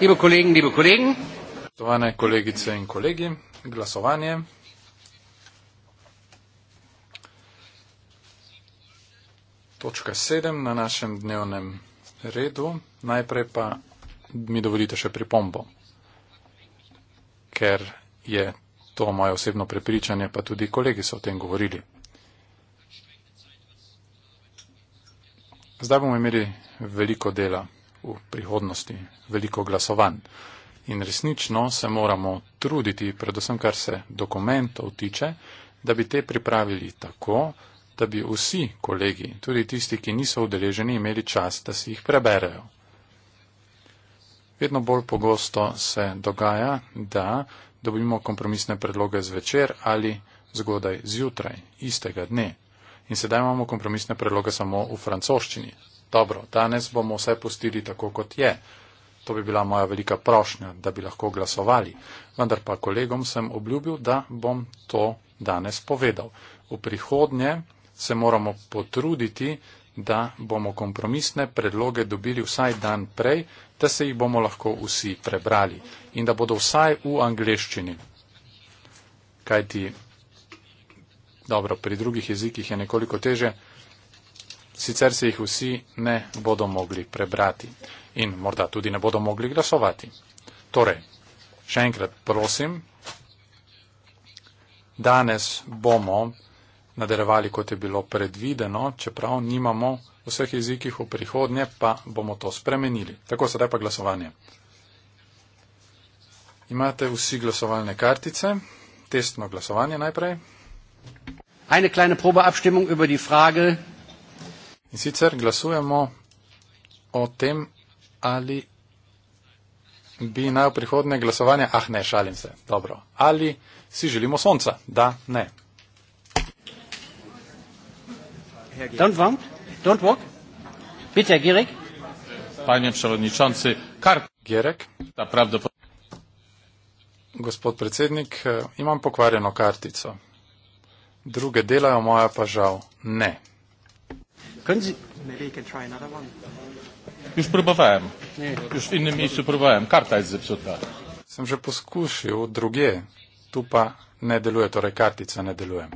Liebe Kollegen, liebe Kollegen. Spoštovane kolegice in kolegi, glasovanje. Točka sedem na našem dnevnem redu. Najprej pa mi dovolite še pripombo, ker je to moje osebno prepričanje, pa tudi kolegi so o tem govorili. Zdaj bomo imeli veliko dela v prihodnosti veliko glasovanj. In resnično se moramo truditi, predvsem kar se dokumentov tiče, da bi te pripravili tako, da bi vsi kolegi, tudi tisti, ki niso udeleženi, imeli čas, da si jih preberejo. Vedno bolj pogosto se dogaja, da dobimo kompromisne predloge zvečer ali zgodaj zjutraj, istega dne. In sedaj imamo kompromisne predloge samo v francoščini, dobro, danes bomo vse pustili tako, kot je. To bi bila moja velika prošnja, da bi lahko glasovali. Vendar pa kolegom sem obljubil, da bom to danes povedal. V prihodnje se moramo potruditi, da bomo kompromisne predloge dobili vsaj dan prej, da se jih bomo lahko vsi prebrali in da bodo vsaj v angleščini. Kaj ti, dobro, pri drugih jezikih je nekoliko teže, sicer se jih vsi ne bodo mogli prebrati in morda tudi ne bodo mogli glasovati. Torej, še enkrat prosim, danes bomo nadaljevali, kot je bilo predvideno, čeprav nimamo vseh jezikih v prihodnje, pa bomo to spremenili. Tako sedaj pa glasovanje. Imate vsi glasovalne kartice, testno glasovanje najprej. Eine kleine Probeabstimmung über die Frage, In sicer glasujemo o tem, ali bi naj v prihodne glasovanje, ah ne, šalim se, dobro, ali si želimo sonca, da ne. Don't want, don't walk. Bitte, Gerek. Panie przewodniczący, kar... Gerek. Gospod predsednik, e, imam pokvarjeno kartico. Druge delajo, moja pa žal ne. Können Sie? Maybe you can try another one. Już próbowałem. Nie. Już w innym miejscu próbowałem. Karta jest zepsuta. Sam, że poskusił drugie. Tupa nie deluje, to rekartica nie deluje.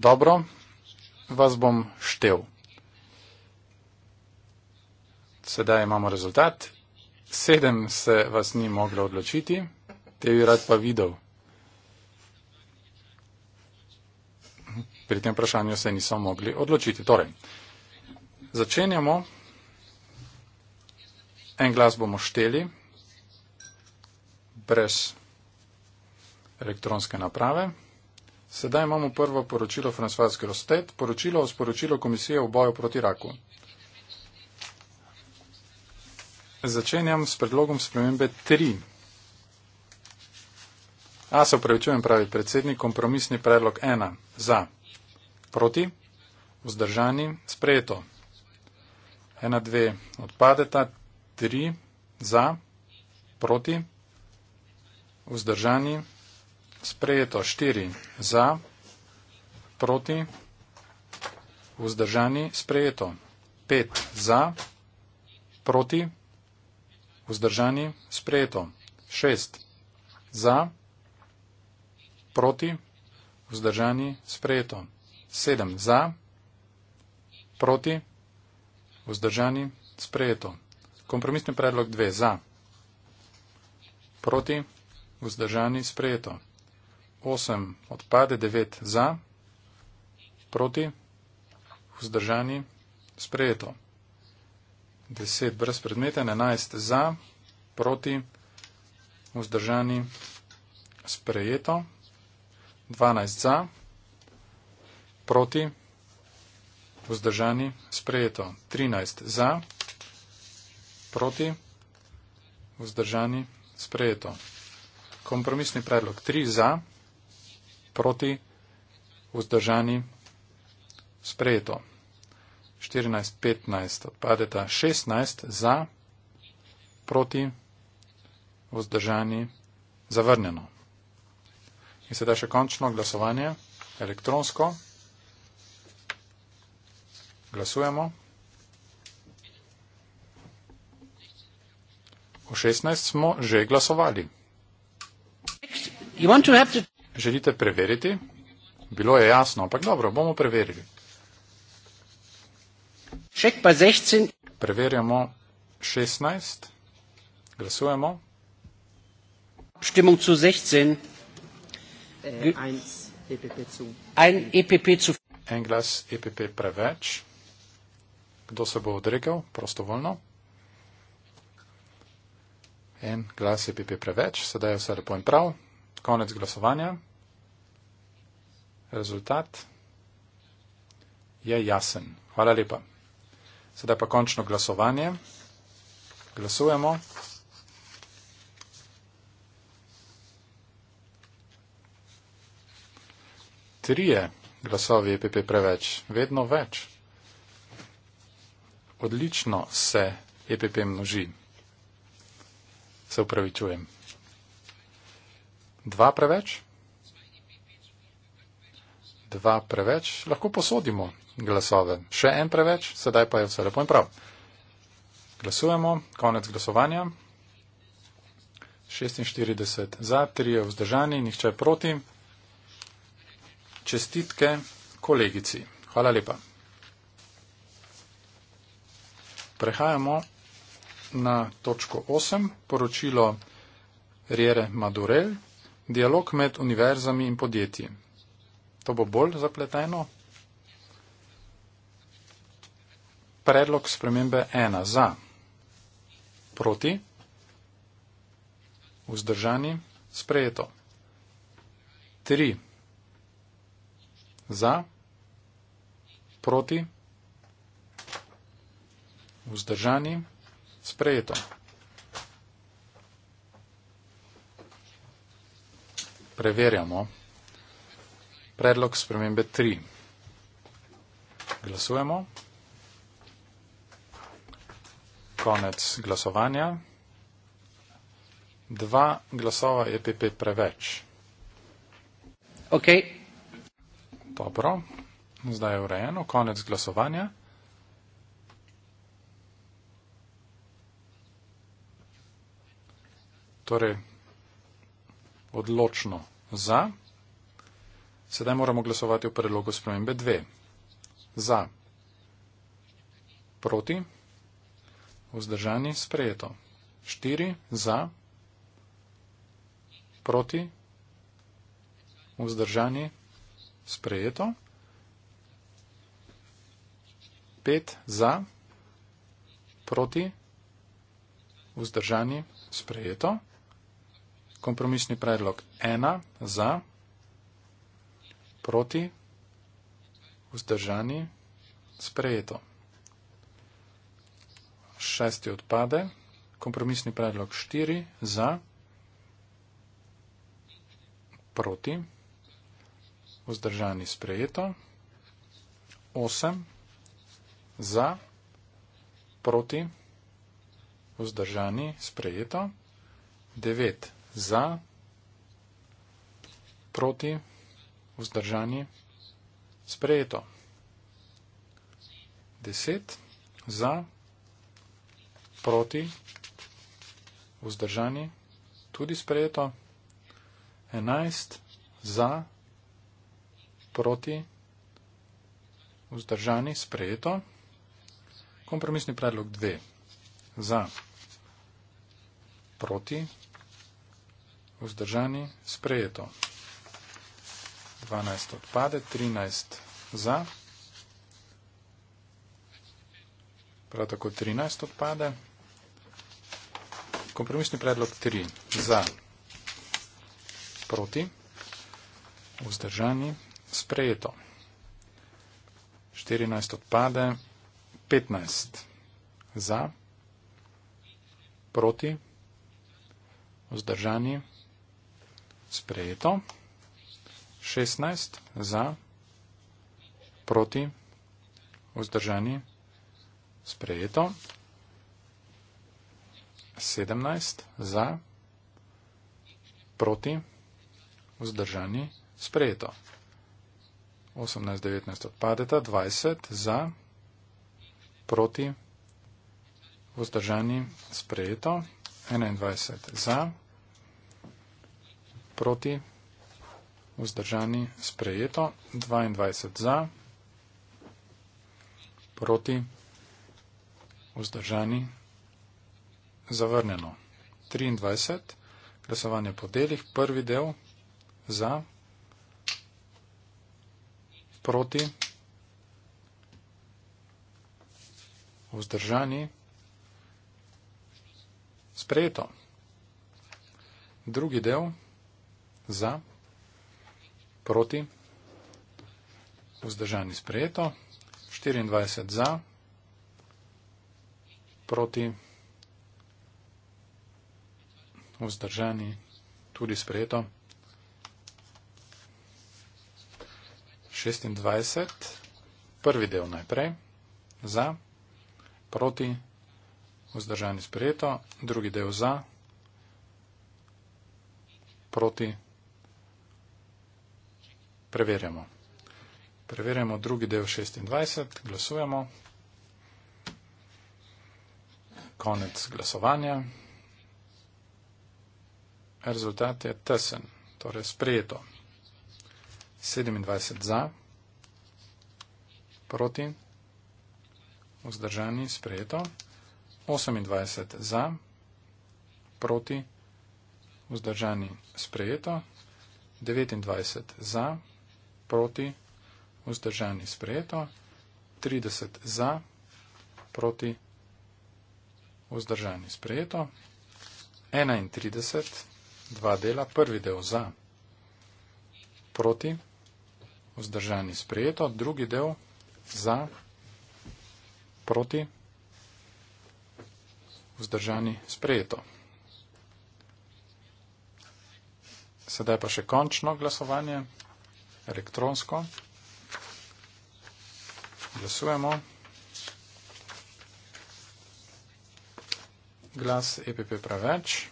Dobro. Was bom sztył. Sedaj imamo rezultat. Sedem se vas ni moglo odločiti. Te bi rad pa videl. pri tem vprašanju se niso mogli odločiti. Torej, začenjamo. En glas bomo šteli brez elektronske naprave. Sedaj imamo prvo poročilo François Grostet, poročilo o sporočilu Komisije v boju proti raku. Začenjam s predlogom spremembe 3. A se upravičujem, pravi predsednik, kompromisni predlog 1 za Proti? Vzdržani? Sprejeto. Ena, dve odpadeta. Tri? Za? Proti? Vzdržani? Sprejeto. Štiri? Za? Proti? Vzdržani? Sprejeto. Pet? Za? Proti? Vzdržani? Sprejeto. Šest? Za? Proti? Vzdržani? Sprejeto. 7 za, proti, vzdržani, sprejeto. Kompromisni predlog 2 za, proti, vzdržani, sprejeto. 8 odpade, 9 za, proti, vzdržani, sprejeto. 10 brezpredmeten, 11 za, proti, vzdržani, sprejeto. 12 za, Proti, vzdržani, sprejeto. 13 za, proti, vzdržani, sprejeto. Kompromisni predlog 3 za, proti, vzdržani, sprejeto. 14, 15 odpadeta, 16 za, proti, vzdržani, zavrnjeno. In sedaj še končno glasovanje elektronsko. Glasujemo. O 16 smo že glasovali. To... Želite preveriti? Bilo je jasno, ampak dobro, bomo preverili. Preverjamo 16. Glasujemo. Stimmung zu 16. Ein EPP zu. Ein EPP zu. Ein Glas EPP preveč kdo se bo odrekel prostovoljno. En glas je pipi preveč, sedaj je vse lepo in prav. Konec glasovanja. Rezultat je jasen. Hvala lepa. Sedaj pa končno glasovanje. Glasujemo. Trije glasovi je pipi preveč, vedno več odlično se EPP množi. Se upravičujem. Dva preveč? Dva preveč? Lahko posodimo glasove. Še en preveč? Sedaj pa je vse lepo in prav. Glasujemo. Konec glasovanja. 46 za, 3 je vzdržani, nihče proti. Čestitke kolegici. Hvala lepa. Prehajamo na točko 8, poročilo Riere Madurel, dialog med univerzami in podjetji. To bo bolj zapleteno. Predlog spremembe 1 za, proti, vzdržani, sprejeto. 3 za, proti, vzdržani vzdržani, sprejeto. Preverjamo predlog spremembe 3. Glasujemo. Konec glasovanja. Dva glasova je PP preveč. Ok. Dobro. Zdaj je urejeno. Konec glasovanja. torej odločno za. Sedaj moramo glasovati o predlogu spremembe 2. Za. Proti. Vzdržani. Sprejeto. 4. Za. Proti. Vzdržani. Sprejeto. 5. Za. Proti. Vzdržani. Sprejeto kompromisni predlog ena za, proti, vzdržani, sprejeto. Šesti odpade, kompromisni predlog štiri za, proti, vzdržani, sprejeto. Osem za, proti, vzdržani, sprejeto. 9 za, proti, vzdržani, sprejeto. 10 za, proti, vzdržani, tudi sprejeto. 11 za, proti, vzdržani, sprejeto. Kompromisni predlog 2 za, proti, vzdržani vzdržani, sprejeto. 12 odpade, 13 za. Prav tako 13 odpade. Kompromisni predlog 3 za. Proti, vzdržani, sprejeto. 14 odpade, 15 za. Proti, vzdržani, sprejeto sprejeto. 16 za, proti, vzdržani, sprejeto. 17 za, proti, vzdržani, sprejeto. 18, 19 odpadeta, 20 za, proti, vzdržani, sprejeto. 21 za, proti, vzdržani, sprejeto proti, vzdržani, sprejeto, 22 za, proti, vzdržani, zavrnjeno, 23, glasovanje po delih, prvi del, za, proti, vzdržani, sprejeto. Drugi del. Za. Proti. Vzdržani sprejeto. 24 za. Proti. Vzdržani. Tudi sprejeto. 26. Prvi del najprej. Za. Proti. Vzdržani sprejeto, drugi del za, proti preverjamo. Preverjamo drugi del 26, glasujemo. Konec glasovanja. Rezultat je tesen, torej sprejeto. 27 za, proti, vzdržani, sprejeto. 28 za, proti, vzdržani, sprejeto. 29 za, proti proti, vzdržani sprejeto, 30 za, proti, vzdržani sprejeto, 31, dva dela, prvi del za, proti, vzdržani sprejeto, drugi del za, proti, vzdržani sprejeto. Sedaj pa še končno glasovanje elektronsko. Glasujemo. Glas EPP preveč.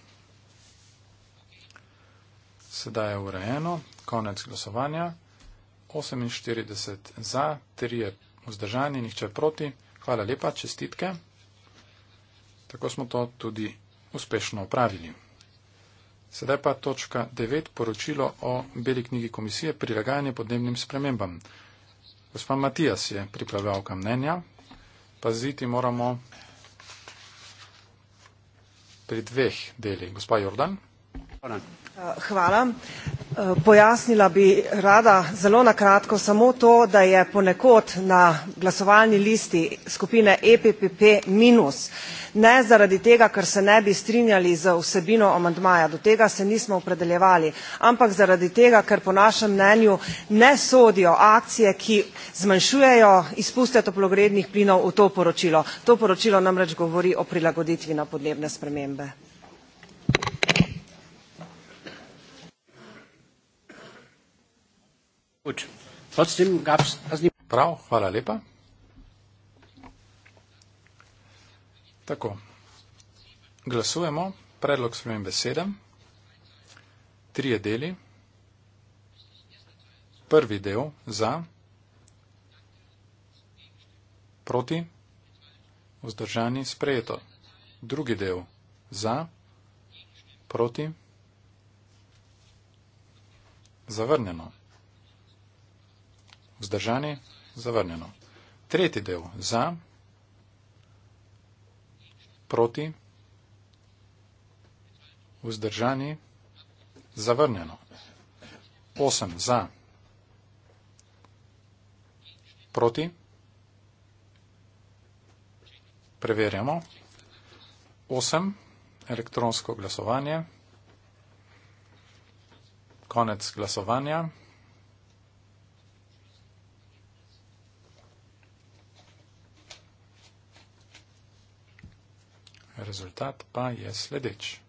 Sedaj je urejeno. Konec glasovanja. 48 za, 3 je vzdržani, nihče proti. Hvala lepa, čestitke. Tako smo to tudi uspešno opravili. Sedaj pa točka 9, poročilo o Beli knjigi komisije prilagajanje podnebnim spremembam. Gospod Matijas je pripravljalka mnenja. Paziti moramo pri dveh delih. Gospod Jordan. Hvala. Pojasnila bi rada zelo nakratko samo to, da je ponekod na glasovalni listi skupine EPPP minus. Ne zaradi tega, ker se ne bi strinjali z vsebino amandmaja, do tega se nismo opredeljevali, ampak zaradi tega, ker po našem mnenju ne sodijo akcije, ki zmanjšujejo izpuste toplogrednih plinov v to poročilo. To poročilo namreč govori o prilagoditvi na podnebne spremembe. Gut. Trotzdem gab es das nicht. Prav, hvala lepa. Tako. Glasujemo. Predlog spremembe 7. Trije deli. Prvi del za. Proti. Vzdržani sprejeto. Drugi del za. Proti. Zavrnjeno. Vzdržani? Zavrnjeno. Tretji del. Za? Proti? Vzdržani? Zavrnjeno. Osem. Za? Proti? Preverjamo. Osem. Elektronsko glasovanje. Konec glasovanja. rezultat pa je sledeč.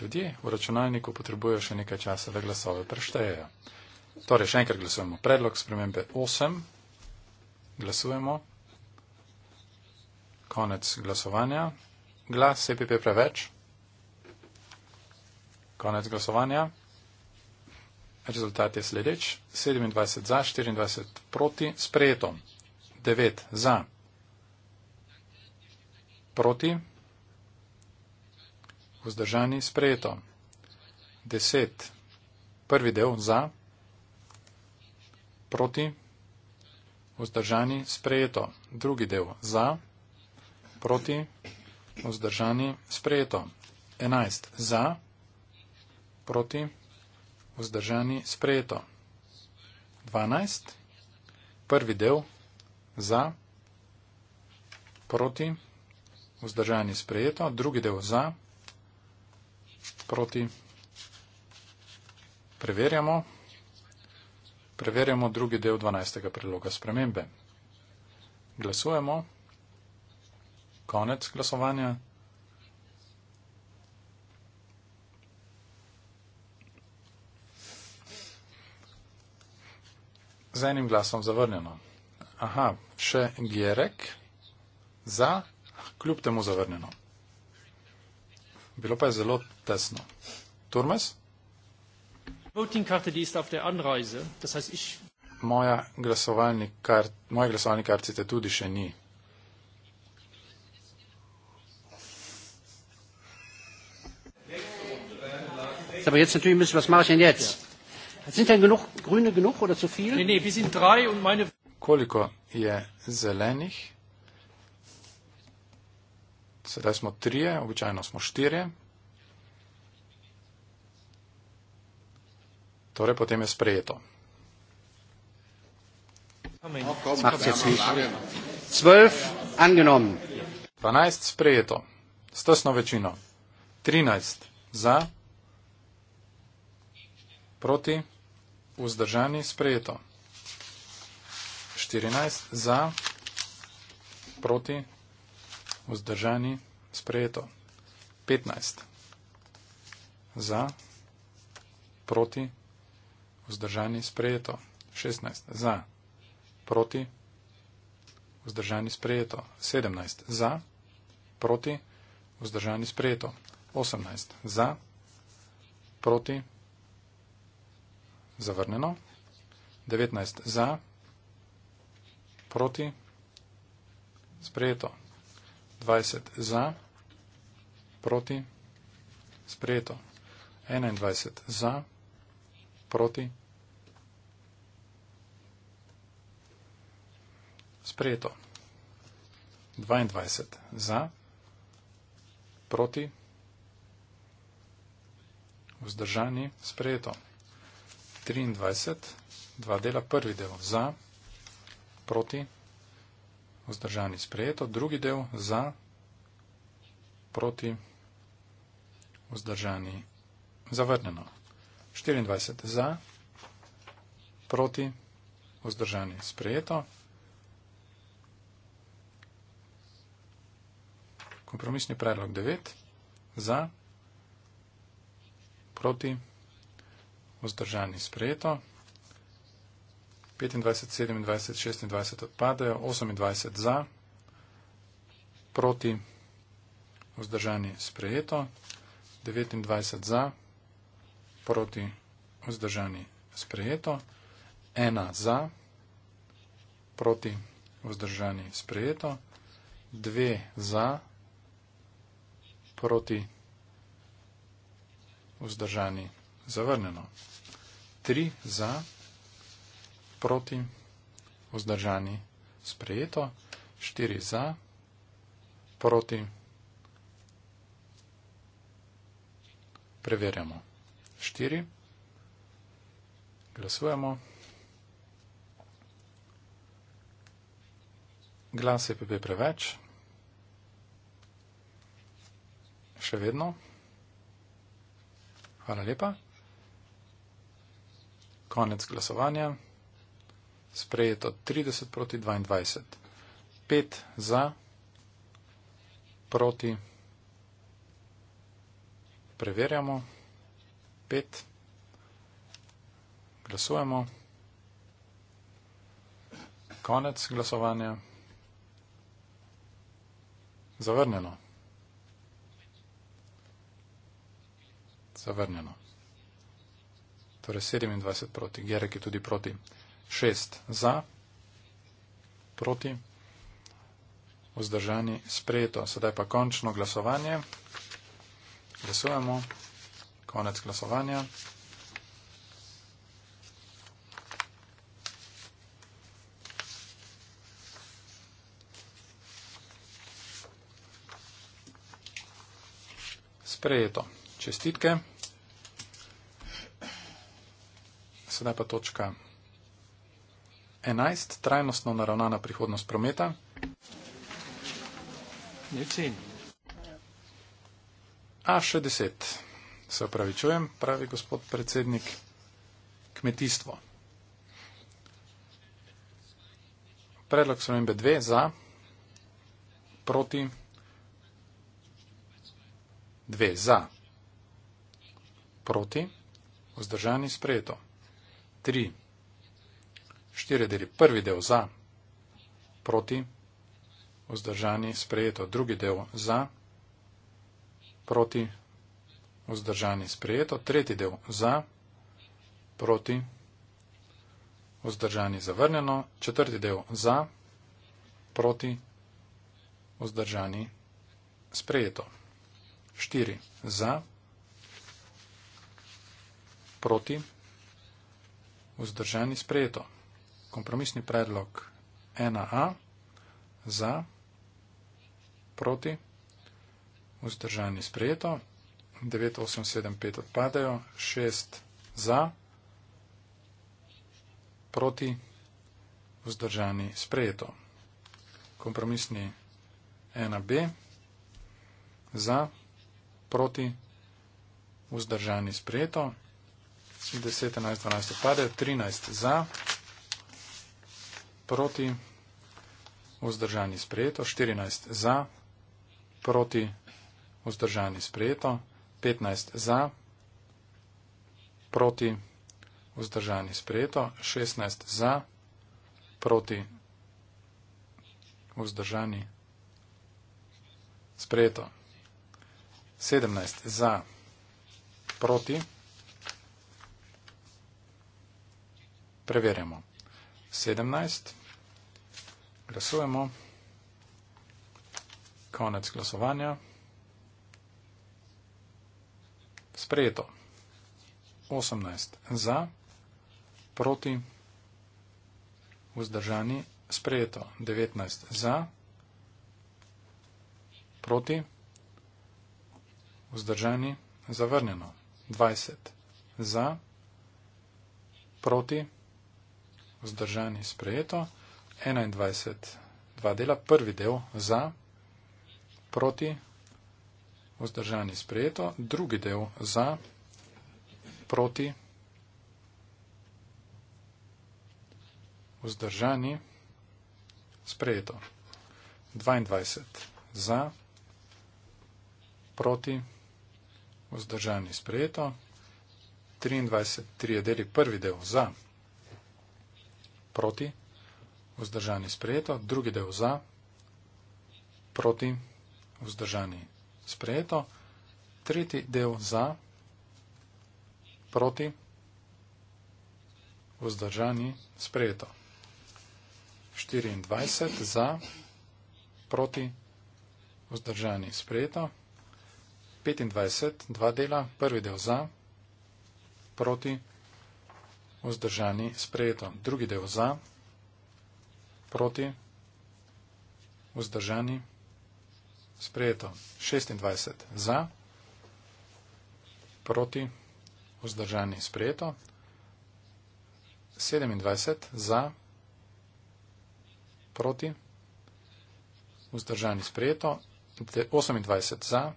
Ljudje v računalniku potrebujejo še nekaj časa, da glasove preštejejo. Torej, še enkrat glasujemo. Predlog spremembe 8. Glasujemo. Konec glasovanja. Glas EPP preveč. Konec glasovanja. Rezultat je sledeč. 27 za, 24 proti, sprejeto. 9 za, proti, vzdržani, sprejeto. 10, prvi del za, proti, vzdržani, sprejeto. Drugi del za, proti, vzdržani, sprejeto. 11 za, proti, vzdržani, sprejeto vzdržani sprejeto. 12. Prvi del za, proti, vzdržani sprejeto. Drugi del za, proti. Preverjamo. Preverjamo drugi del 12. priloga spremembe. Glasujemo. Konec glasovanja. Z enim glasom zavrnjeno. Aha, še Gjerek za, kljub temu zavrnjeno. Bilo pa je zelo tesno. Turmes? Die ist auf der Anreise. Das heißt, ich... Moja glasovalni kart, moje glasovalni kartice tudi še ni. Aber jetzt natürlich müssen wir was machen jetzt. Ja. Koliko je zelenih? Sedaj smo trije, običajno smo štirje. Torej, potem je sprejeto. Dvanajst sprejeto, s tesno večino. Trinajst za, proti vzdržani, sprejeto. 14 za, proti, vzdržani, sprejeto. 15 za, proti, vzdržani, sprejeto. 16 za, proti, vzdržani, sprejeto. 17 za, proti, vzdržani, sprejeto. 18 za, proti, vzdržani, sprejeto zavrnjeno, 19 za, proti, sprejeto, 20 za, proti, sprejeto, 21 za, proti, sprejeto, 22 za, proti, vzdržani, sprejeto. 23, dva dela, prvi del za, proti, vzdržani sprejeto, drugi del za, proti, vzdržani zavrnjeno. 24 za, proti, vzdržani sprejeto. Kompromisni predlog 9, za, proti, vzdržani zavrnjeno vzdržani sprejeto. 25, 27, 26 odpadajo, 28 za, proti vzdržani sprejeto, 29 za, proti vzdržani sprejeto, 1 za, proti vzdržani sprejeto, 2 za, proti vzdržani sprejeto zavrnjeno. Tri za, proti, vzdržani, sprejeto. Štiri za, proti, preverjamo. Štiri, glasujemo. Glas je pepe preveč. Še vedno. Hvala lepa konec glasovanja. Sprejeto 30 proti 22. 5 za, proti. Preverjamo. 5. Glasujemo. Konec glasovanja. Zavrnjeno. Zavrnjeno torej 27 proti, Gerek je tudi proti, 6 za, proti, vzdržani sprejeto. Sedaj pa končno glasovanje. Glasujemo. Konec glasovanja. Sprejeto. Čestitke. sedaj pa točka 11, trajnostno naravnana prihodnost prometa. A še 10, se opravičujem, pravi gospod predsednik, kmetijstvo. Predlog spremembe 2 za, proti, 2 za, proti, vzdržani sprejeto tri, štiri deli. Prvi del za, proti, vzdržani, sprejeto. Drugi del za, proti, vzdržani, sprejeto. Tretji del za, proti, vzdržani, zavrnjeno. Četrti del za, proti, vzdržani, sprejeto. Štiri za, proti, vzdržani, sprejeto vzdržani sprejeto. Kompromisni predlog 1A za, proti, vzdržani sprejeto, 9, 8, 7, 5 odpadajo, 6 za, proti, vzdržani sprejeto. Kompromisni 1B za, proti, vzdržani sprejeto, 10, 11, 12 pade, 13 za, proti, vzdržani sprejeto, 14 za, proti, vzdržani sprejeto, 15 za, proti, vzdržani sprejeto, 16 za, proti, vzdržani sprejeto, 17 za, proti, vzdržani sprejeto, Preverjamo. 17. Glasujemo. Konec glasovanja. Sprejeto. 18. Za. Proti. Vzdržani. Sprejeto. 19. Za. Proti. Vzdržani. Zavrnjeno. 20. Za. Proti vzdržani sprejeto, 21, dva dela, prvi del za, proti, vzdržani sprejeto, drugi del za, proti, vzdržani sprejeto, 22 za, proti, vzdržani sprejeto, 23, tri deli, prvi del za, proti, vzdržani sprejeto, drugi del za, proti, vzdržani sprejeto, tretji del za, proti, vzdržani sprejeto. 24 za, proti, vzdržani sprejeto. 25, dva dela, prvi del za, proti, vzdržani sprejeto vzdržani sprejeto. Drugi del za, proti, vzdržani sprejeto. 26 za, proti, vzdržani sprejeto. 27 za, proti, vzdržani sprejeto. 28 za,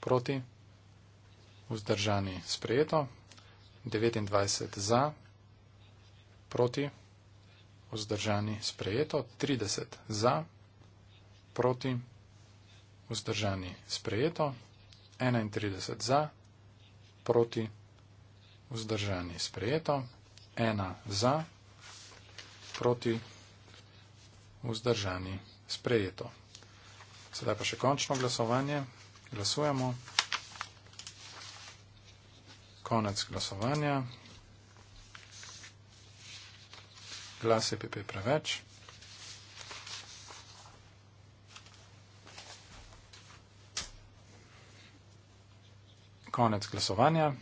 proti, vzdržani sprejeto. 29 za, proti, vzdržani sprejeto, 30 za, proti, vzdržani sprejeto, 31 za, proti, vzdržani sprejeto, 1 za, proti, vzdržani sprejeto. Sedaj pa še končno glasovanje. Glasujemo konec glasovanja. Glas je PP preveč. Konec glasovanja.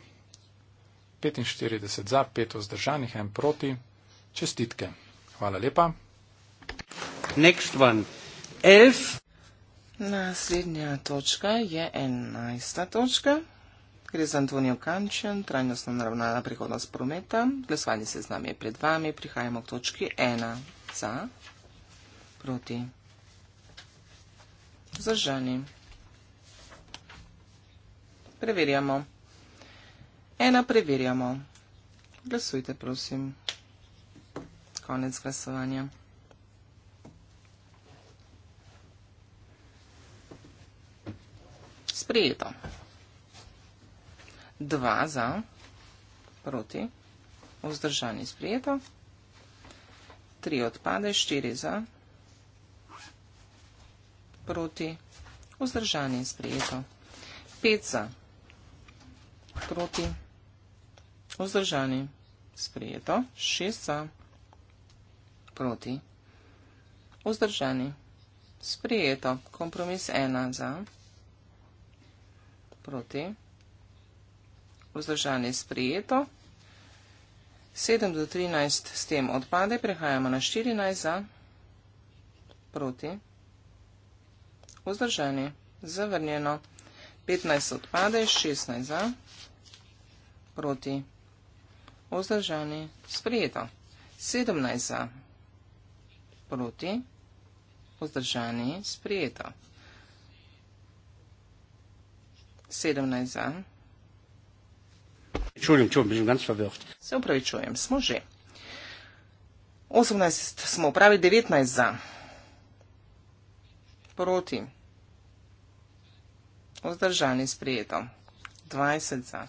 45 za, 5 vzdržanih, 1 proti. Čestitke. Hvala lepa. Next one. Elf. Naslednja točka je enajsta točka. Gre za Antonijo Kančen, trajnostno naravnana prihodnost prometa. Glasovanje se z nami je pred vami. Prihajamo k točki ena. Za, proti, zažani. Preverjamo. Ena preverjamo. Glasujte, prosim. Konec glasovanja. Sprejeto. 2 za, proti, vzdržani sprijeto, 3 odpade, 4 za, proti, vzdržani sprijeto, 5 za, proti, vzdržani sprijeto, 6 za, proti, vzdržani sprijeto, kompromis 1 za, proti, vzdržani sprijeto, vzdržanje sprijeto. 7 do 13 s tem odpade, prehajamo na 14 za, proti, vzdržanje, zavrnjeno. 15 odpade, 16 za, proti, vzdržanje, sprijeto. 17 za, proti, vzdržanje, sprijeto. 17 za, proti. Entschuldigung, Entschuldigung, bin ganz verwirrt. Se upravičujem, smo že. 18 smo pravi, 19 za. Proti. Vzdržani sprijeto. 20 za.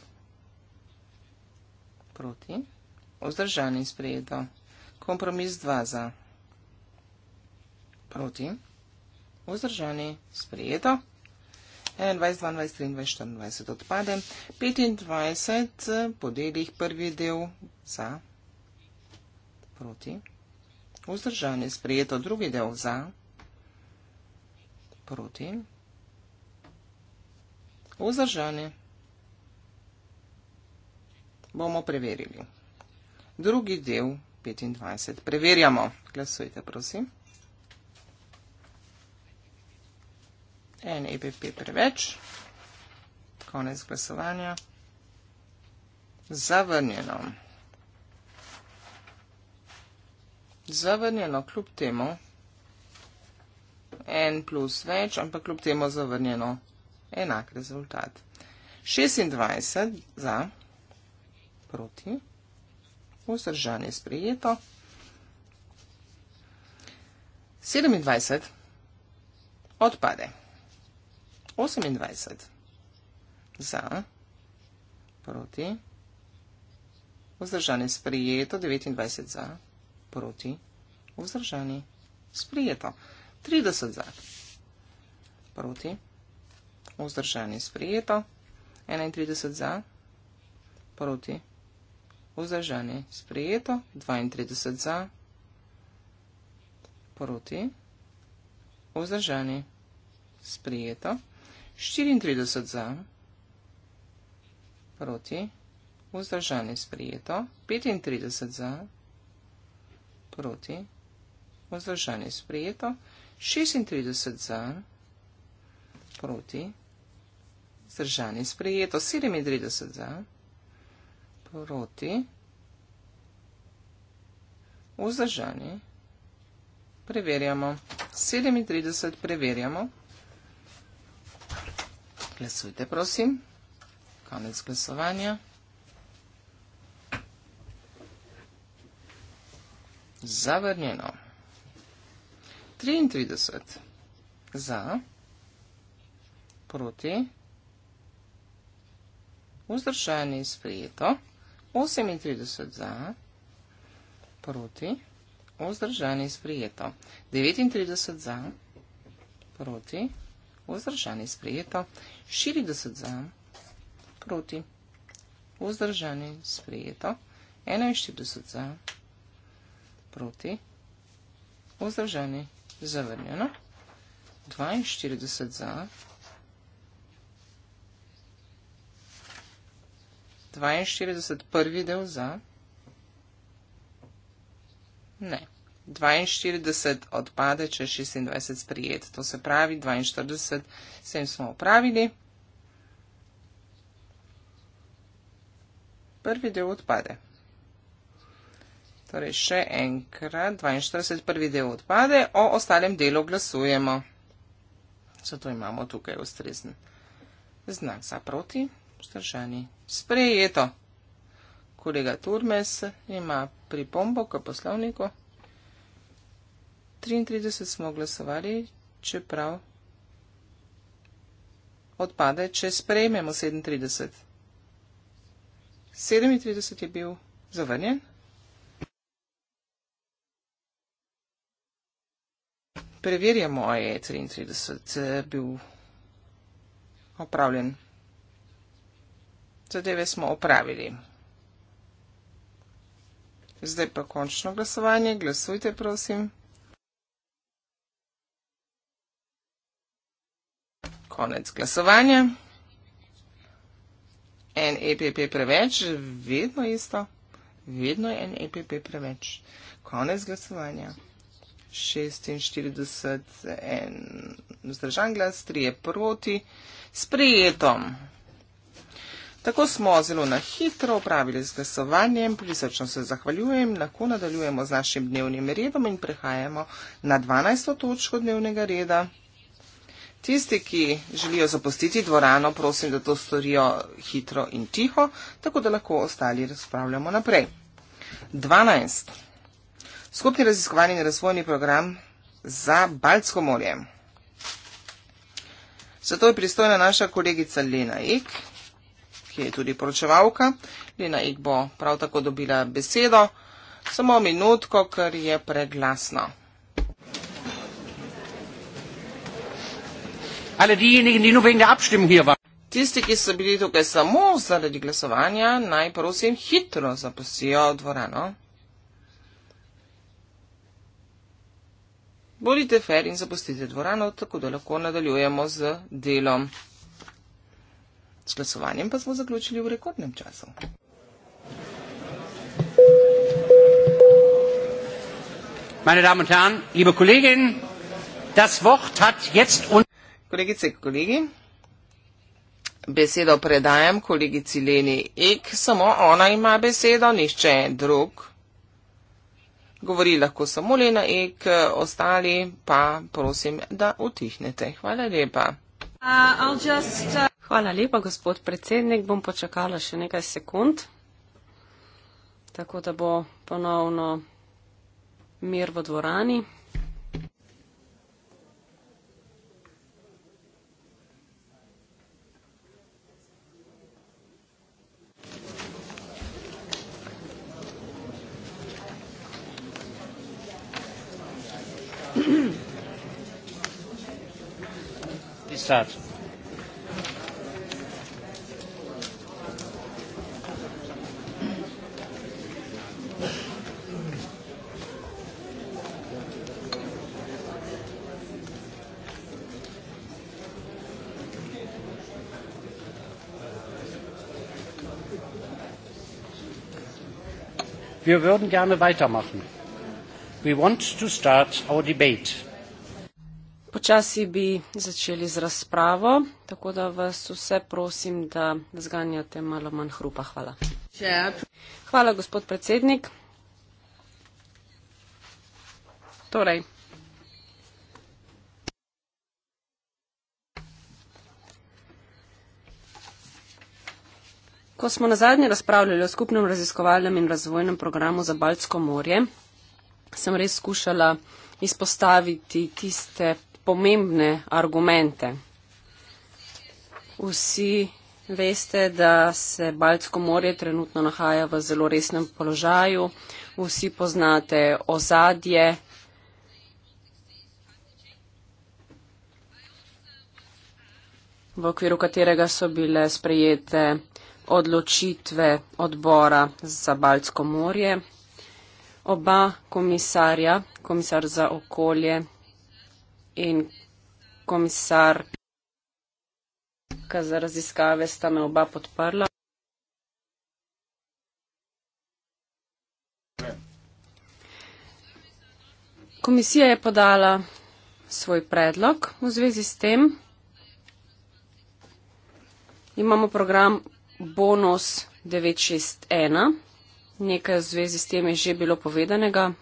Proti. Vzdržani sprijeto. Kompromis 2 za. Proti. Vzdržani sprijeto. 21, 22, 23, 24 odpade. 25 eh, po delih prvi del za, proti. Vzdržanje sprejeto drugi del za, proti. Vzdržanje bomo preverili. Drugi del 25. Preverjamo. Glasujte, prosim. en EBP preveč. Konec glasovanja. Zavrnjeno. Zavrnjeno kljub temu. En plus več, ampak kljub temu zavrnjeno. Enak rezultat. 26 za, proti, vzdržanje sprejeto. 27 odpade. 28 za, proti, vzdržani, sprijeto, 29 za, proti, vzdržani, sprijeto, 30 za, proti, vzdržani, sprijeto, 31 za, proti, vzdržani, sprijeto, 32 za, proti, vzdržani, sprijeto. 34 za, proti, vzdržani sprijeto, 35 za, proti, vzdržani sprijeto, 36 za, proti, vzdržani sprijeto, 37 za, proti, vzdržani, preverjamo, 37 preverjamo, Glasujte, prosim. Konec glasovanja. Zavrnjeno. 33 za, proti, vzdržajanje je sprijeto, 38 za, proti, vzdržajanje je sprijeto, 39 za, proti, vzdržajanje je sprijeto. Воздържане сприето. 40 за. Проти. Воздържане сприето. 41 за. Проти. Воздържане завърнено. 42 за. 41 дел за. Не. 42 odpade, če 26 sprijet. To se pravi, 42 sem smo upravili. Prvi del odpade. Torej, še enkrat, 42 prvi del odpade, o ostalem delu glasujemo. Zato imamo tukaj ustrezen znak za proti, vzdržani. Sprejeto. Kolega Turmes ima pripombo k poslovniku. 33 smo glasovali, čeprav odpade, če sprejmemo 37. 37 je bil zavrnjen. Preverjamo, ali je 33 eh, bil opravljen. Zadeve smo opravili. Zdaj pa končno glasovanje. Glasujte, prosim. konec glasovanja. En EPP preveč, vedno isto, vedno je en EPP preveč. Konec glasovanja. 46, en vzdržan glas, 3 proti, sprijeto. Tako smo zelo na hitro upravili z glasovanjem, prisrčno se zahvaljujem, lahko nadaljujemo z našim dnevnim redom in prehajamo na 12. točko dnevnega reda. Tisti, ki želijo zapustiti dvorano, prosim, da to storijo hitro in tiho, tako da lahko ostali razpravljamo naprej. 12. Skupni raziskovalni in razvojni program za Baltsko morje. Zato je pristojna naša kolegica Lena Ek, ki je tudi poročevalka. Lena Ek bo prav tako dobila besedo. Samo minutko, ker je preglasno. alle diejenigen, die nur wegen der Abstimmung hier waren. Tisti, ki so bili tukaj samo zaradi glasovanja, naj prosim hitro zapustijo dvorano. Bodite fer in zapustite dvorano, tako da lahko nadaljujemo z delom. S glasovanjem pa smo zaključili v rekordnem času. Meine Damen und Herren, liebe Kollegin, das Wort hat jetzt und kolegice in kolegi. Besedo predajam kolegici Leni Ek, samo ona ima besedo, nišče drug. Govori lahko samo Lena Ek, ostali pa prosim, da utihnete. Hvala lepa. Uh, just, uh... Hvala lepa, gospod predsednik. Bom počakala še nekaj sekund, tako da bo ponovno mir v dvorani. Tisztelt! Wir würden gerne weitermachen. Počasi bi začeli z razpravo, tako da vas vse prosim, da zganjate malo manj hrupa. Hvala. Hvala, gospod predsednik. Torej. Ko smo na zadnje razpravljali o skupnem raziskovalnem in razvojnem programu za Baltsko morje, sem res skušala izpostaviti tiste pomembne argumente. Vsi veste, da se Baltsko morje trenutno nahaja v zelo resnem položaju, vsi poznate ozadje. v okviru katerega so bile sprejete odločitve odbora za Baltsko morje, oba komisarja, komisar za okolje in komisar za raziskave, sta me oba podprla. Komisija je podala svoj predlog v zvezi s tem. Imamo program Bonus 961 nekaj v zvezi s tem je že bilo povedanega.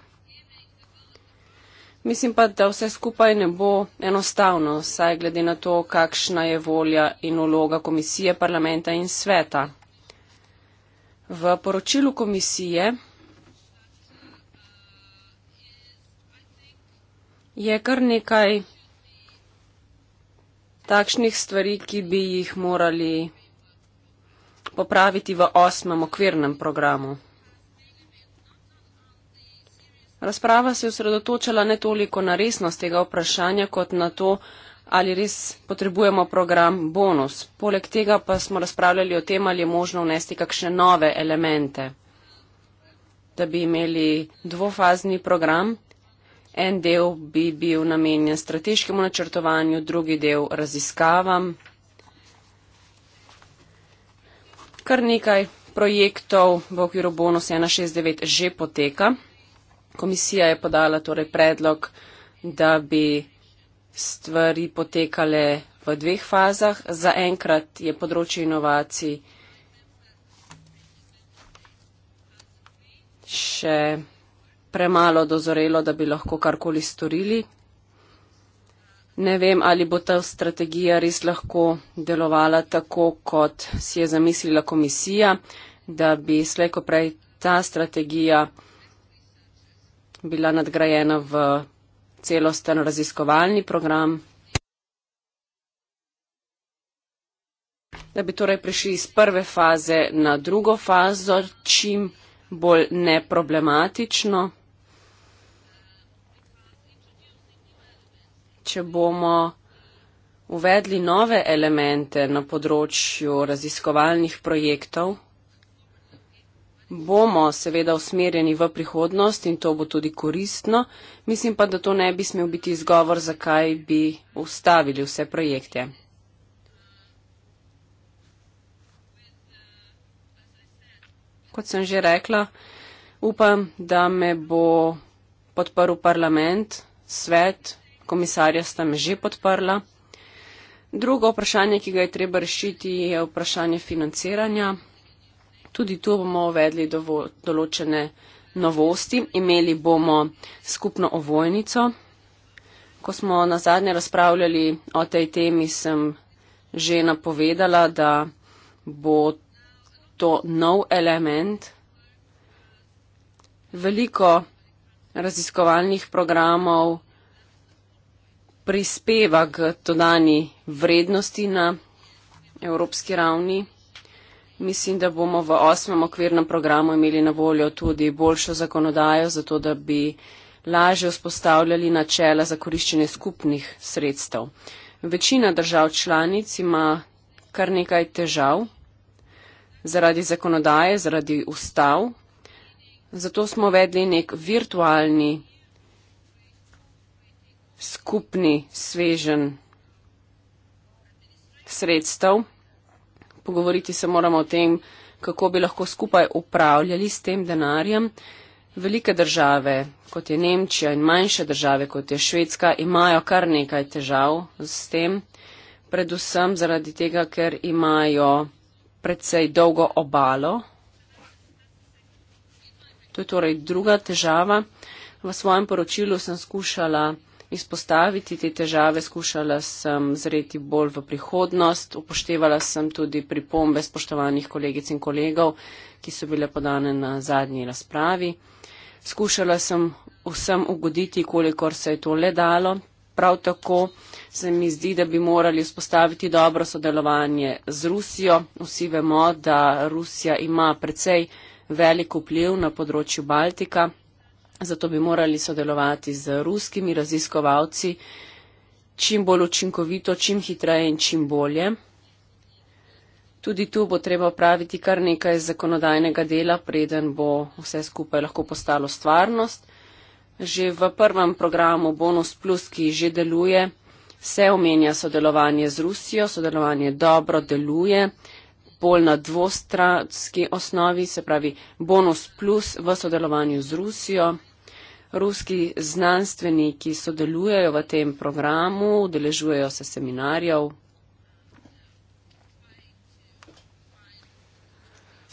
Mislim pa, da vse skupaj ne bo enostavno, saj glede na to, kakšna je volja in uloga komisije, parlamenta in sveta. V poročilu komisije je kar nekaj takšnih stvari, ki bi jih morali popraviti v osmem okvirnem programu. Razprava se je osredotočala ne toliko na resnost tega vprašanja, kot na to, ali res potrebujemo program bonus. Poleg tega pa smo razpravljali o tem, ali je možno vnesti kakšne nove elemente, da bi imeli dvofazni program. En del bi bil namenjen strateškemu načrtovanju, drugi del raziskavam. Kar nekaj projektov v okviru bonus 169 že poteka komisija je podala torej predlog, da bi stvari potekale v dveh fazah. Za enkrat je področje inovacij še premalo dozorelo, da bi lahko karkoli storili. Ne vem, ali bo ta strategija res lahko delovala tako, kot si je zamislila komisija, da bi slejko prej ta strategija bila nadgrajena v celosten raziskovalni program. Da bi torej prišli iz prve faze na drugo fazo, čim bolj neproblematično. Če bomo uvedli nove elemente na področju raziskovalnih projektov, bomo seveda usmerjeni v prihodnost in to bo tudi koristno. Mislim pa, da to ne bi smel biti izgovor, zakaj bi ustavili vse projekte. Kot sem že rekla, upam, da me bo podprl parlament, svet, komisarja sta me že podprla. Drugo vprašanje, ki ga je treba rešiti, je vprašanje financiranja tudi tu bomo uvedli dovo, določene novosti. Imeli bomo skupno ovojnico. Ko smo na zadnje razpravljali o tej temi, sem že napovedala, da bo to nov element. Veliko raziskovalnih programov prispeva k dodani vrednosti na evropski ravni. Mislim, da bomo v osmem okvirnem programu imeli na voljo tudi boljšo zakonodajo, zato da bi lažje vzpostavljali načela za koriščenje skupnih sredstev. Večina držav članic ima kar nekaj težav zaradi zakonodaje, zaradi ustav. Zato smo vedli nek virtualni skupni svežen sredstev pogovoriti se moramo o tem, kako bi lahko skupaj upravljali s tem denarjem. Velike države, kot je Nemčija in manjše države, kot je Švedska, imajo kar nekaj težav s tem, predvsem zaradi tega, ker imajo predvsej dolgo obalo. To je torej druga težava. V svojem poročilu sem skušala izpostaviti te težave, skušala sem zreti bolj v prihodnost, upoštevala sem tudi pripombe spoštovanih kolegic in kolegov, ki so bile podane na zadnji razpravi. Skušala sem vsem ugoditi, kolikor se je to le dalo. Prav tako se mi zdi, da bi morali vzpostaviti dobro sodelovanje z Rusijo. Vsi vemo, da Rusija ima precej velik vpliv na področju Baltika, Zato bi morali sodelovati z ruskimi raziskovalci čim bolj učinkovito, čim hitreje in čim bolje. Tudi tu bo treba praviti kar nekaj zakonodajnega dela, preden bo vse skupaj lahko postalo stvarnost. Že v prvem programu Bonus Plus, ki že deluje, se omenja sodelovanje z Rusijo, sodelovanje dobro deluje, bolj na dvostranski osnovi, se pravi Bonus Plus v sodelovanju z Rusijo. Ruski znanstveniki sodelujejo v tem programu, udeležujejo se seminarjev.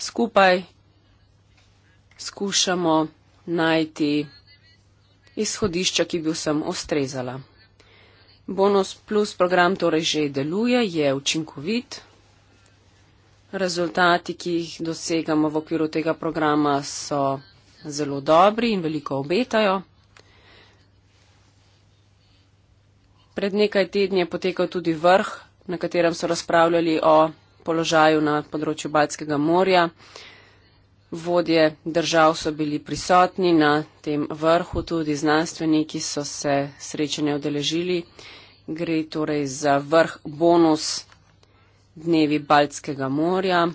Skupaj skušamo najti izhodišča, ki bi vsem ustrezala. Bonus plus program torej že deluje, je učinkovit. Rezultati, ki jih dosegamo v okviru tega programa, so zelo dobri in veliko obetajo. Pred nekaj tedni je potekal tudi vrh, na katerem so razpravljali o položaju na področju Baltskega morja. Vodje držav so bili prisotni na tem vrhu, tudi znanstveniki so se srečanja odeležili. Gre torej za vrh bonus dnevi Baltskega morja,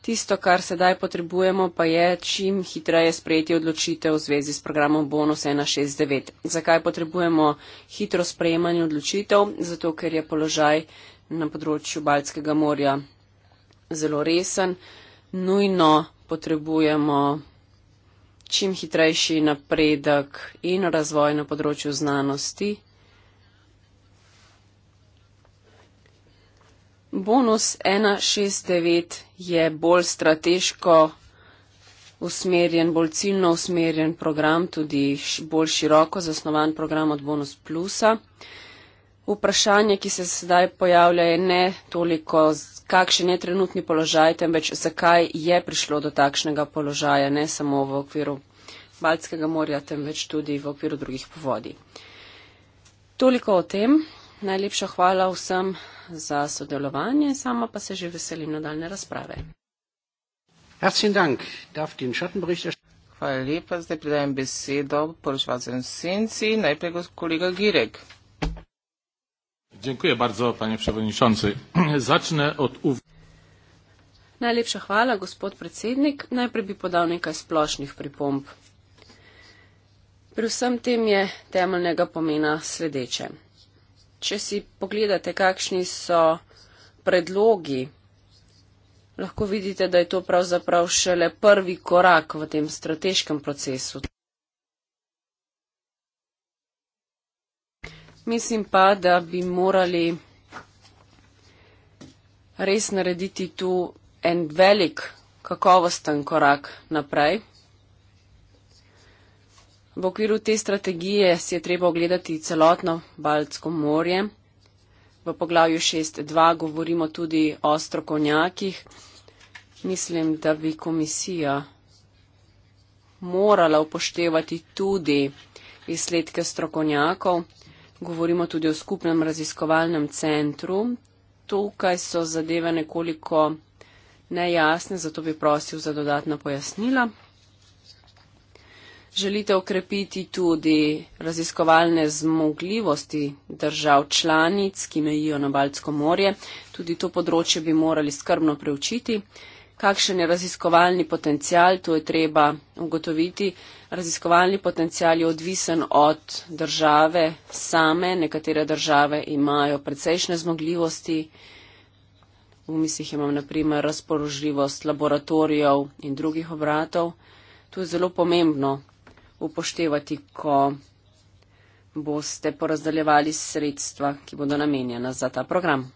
Tisto, kar sedaj potrebujemo, pa je čim hitreje sprejeti odločitev v zvezi s programom Bonus 169. Zakaj potrebujemo hitro sprejemanje odločitev? Zato, ker je položaj na področju Baltskega morja zelo resen. Nujno potrebujemo čim hitrejši napredek in razvoj na področju znanosti. Bonus 169 je bolj strateško usmerjen, bolj ciljno usmerjen program, tudi bolj široko zasnovan program od Bonus Plusa. Vprašanje, ki se sedaj pojavlja, je ne toliko, kakšen je trenutni položaj, temveč zakaj je prišlo do takšnega položaja, ne samo v okviru Baltskega morja, temveč tudi v okviru drugih povodij. Toliko o tem. Najlepša hvala vsem za sodelovanje, sama pa se že veselim nadaljne razprave. Hvala lepa, zdaj predajem besedo poročevalcem senci, najprej kolega Girek. Dziękuję bardzo, panie przewodniczący. Zacznę od uw. Najlepsza chwała, gospod predsednik. Najpierw bi podał nekaj splošnih pripomp. Pri vsem tem je temeljnega pomena sledeče če si pogledate, kakšni so predlogi, lahko vidite, da je to pravzaprav šele prvi korak v tem strateškem procesu. Mislim pa, da bi morali res narediti tu en velik, kakovosten korak naprej v okviru te strategije si je treba ogledati celotno Baltsko morje. V poglavju 6.2 govorimo tudi o strokovnjakih. Mislim, da bi komisija morala upoštevati tudi izsledke strokovnjakov. Govorimo tudi o skupnem raziskovalnem centru. Tukaj so zadeve nekoliko nejasne, zato bi prosil za dodatna pojasnila. Želite okrepiti tudi raziskovalne zmogljivosti držav članic, ki mejijo na Baltsko morje. Tudi to področje bi morali skrbno preučiti. Kakšen je raziskovalni potencial, to je treba ugotoviti. Raziskovalni potencial je odvisen od države same. Nekatere države imajo precejšne zmogljivosti. V mislih imam naprimer razpoložljivost laboratorijev in drugih obratov. To je zelo pomembno, upoštevati, ko boste porazdaljevali sredstva, ki bodo namenjena za ta program.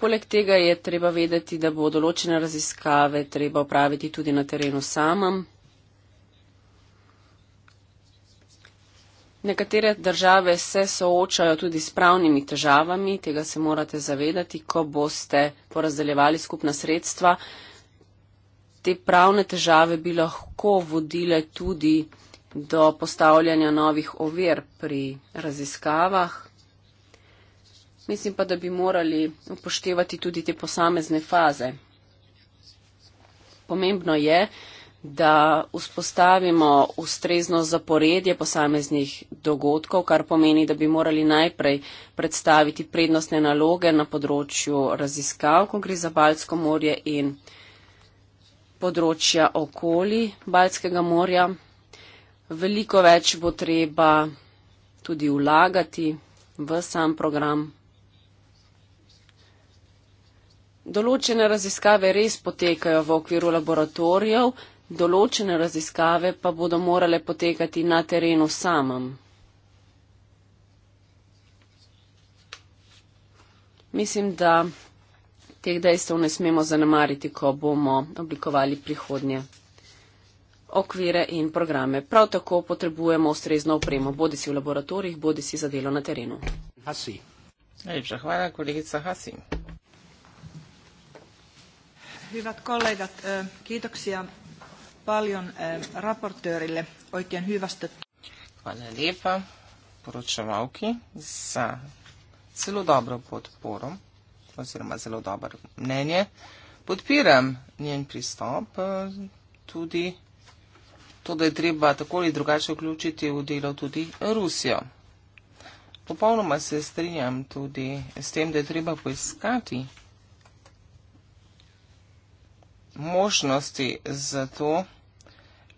Poleg tega je treba vedeti, da bo določene raziskave treba upraviti tudi na terenu samem. Nekatere države se soočajo tudi s pravnimi težavami, tega se morate zavedati, ko boste porazdeljevali skupna sredstva te pravne težave bi lahko vodile tudi do postavljanja novih ovir pri raziskavah. Mislim pa, da bi morali upoštevati tudi te posamezne faze. Pomembno je, da vzpostavimo ustrezno zaporedje posameznih dogodkov, kar pomeni, da bi morali najprej predstaviti prednostne naloge na področju raziskav, ko gre za Balsko morje in področja okoli Baljskega morja. Veliko več bo treba tudi vlagati v sam program. Določene raziskave res potekajo v okviru laboratorijev, določene raziskave pa bodo morale potekati na terenu samem. Mislim, da Teh dejstev ne smemo zanemariti, ko bomo oblikovali prihodnje okvire in programe. Prav tako potrebujemo ustrezno opremo, bodi si v laboratorijih, bodi si za delo na terenu. Hasi. Najlepša hvala, kolegica Hasi. Hyvät kollegat, eh, kiitoksia paljon eh, raportöörille oikein hyvästä. Hvala lepa poročevalki za celo dobro podporo oziroma zelo dobro mnenje. Podpiram njen pristop eh, tudi to, da je treba tako ali drugače vključiti v delo tudi Rusijo. Popolnoma se strinjam tudi s tem, da je treba poiskati možnosti za to,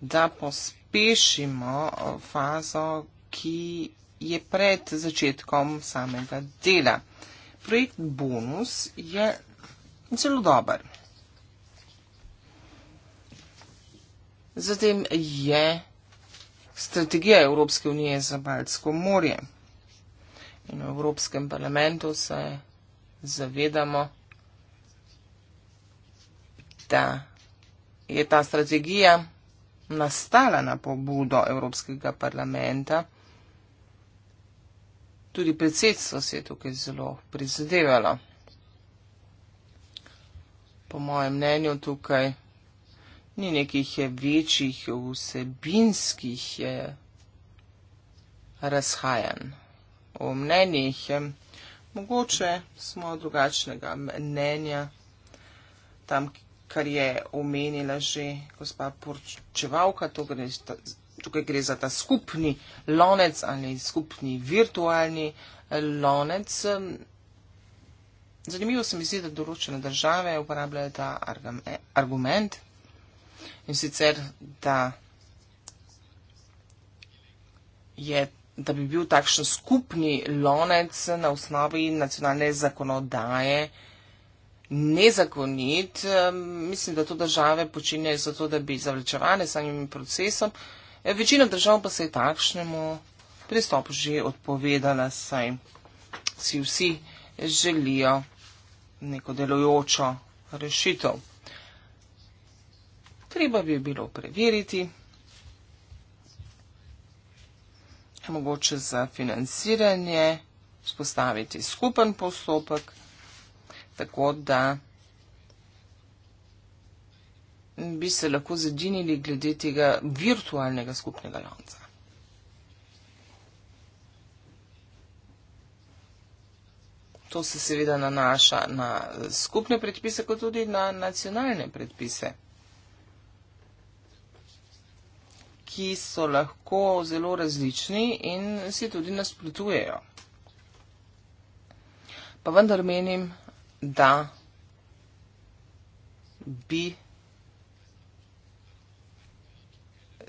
da pospešimo fazo, ki je pred začetkom samega dela. Uh, projekt Bonus je zelo dober. Zatem je strategija Evropske unije za Baltsko morje. In v Evropskem parlamentu se zavedamo, da je ta strategija nastala na pobudo Evropskega parlamenta tudi predsedstvo se je tukaj zelo prizadevalo. Po mojem mnenju tukaj ni nekih večjih vsebinskih eh, razhajanj v mnenjih. Eh, mogoče smo drugačnega mnenja tam, kar je omenila že gospa Porčevalka, to gre tukaj gre za ta skupni lonec ali skupni virtualni eh, lonec. Zanimivo se mi zdi, da določene države uporabljajo ta eh, argument in sicer, da, je, da bi bil takšen skupni lonec na osnovi nacionalne zakonodaje nezakonit. Mislim, da to države počinjajo zato, da bi zavlečevane samim procesom uh, Večina držav pa se je takšnemu pristopu že odpovedala, saj si vsi želijo neko delojočo rešitev. Treba bi bilo preveriti, mogoče za financiranje, spostaviti skupen postopek, tako da bi se lahko zedinili glede tega virtualnega skupnega lanca. To se seveda nanaša na skupne predpise, kot tudi na nacionalne predpise, ki so lahko zelo različni in si tudi nasprotujejo. Pa vendar menim, da bi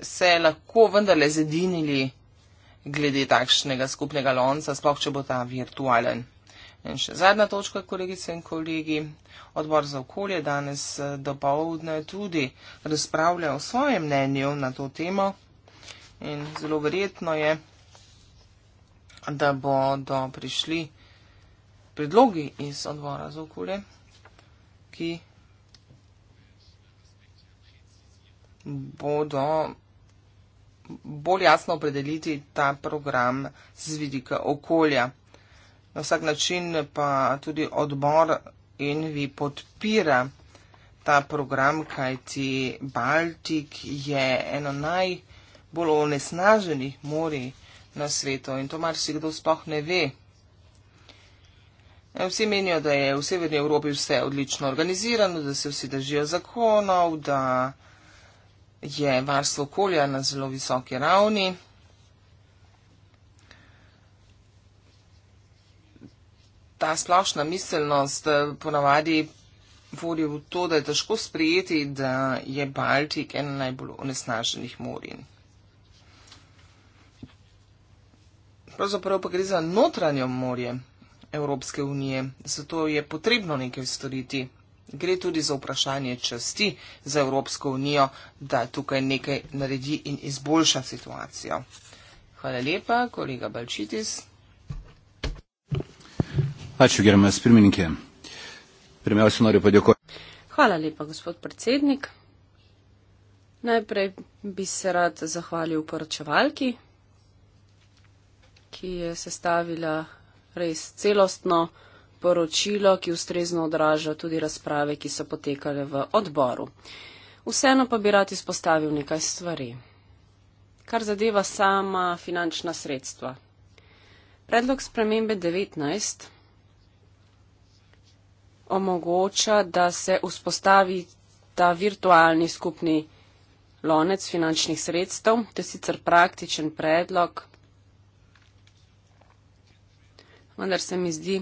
se lahko vendarle zedinili glede takšnega skupnega lonca, sploh če bo ta virtualen. In še zadnja točka, kolegice in kolegi, odbor za okolje danes eh, do povdne tudi razpravlja o svojem mnenju na to temo in zelo verjetno je, da bodo prišli predlogi iz odbora za okolje, ki bodo bolj jasno opredeliti ta program z vidika okolja. Na vsak način pa tudi odbor Envi podpira ta program, kajti Baltik je eno najbolj onesnaženih morij na svetu in to marsikdo sploh ne ve. E, vsi menijo, da je v Severni Evropi vse odlično organizirano, da se vsi držijo zakonov, da je varstvo okolja na zelo visoki ravni. Ta splošna miselnost eh, ponavadi vodi v to, da je težko sprijeti, da je Baltik ena najbolj onesnaženih morij. Pravzaprav pa gre za notranjo morje Evropske unije, zato je potrebno nekaj storiti gre tudi za vprašanje časti za Evropsko unijo, da tukaj nekaj naredi in izboljša situacijo. Hvala lepa, kolega Balčitis. Hvala lepa, gospod predsednik. Najprej bi se rad zahvalil poročevalki, ki je sestavila res celostno poročilo, ki ustrezno odraža tudi razprave, ki so potekale v odboru. Vseeno pa bi rad izpostavil nekaj stvari, kar zadeva sama finančna sredstva. Predlog spremembe 19 omogoča, da se vzpostavi ta virtualni skupni lonec finančnih sredstev, to je sicer praktičen predlog, vendar se mi zdi,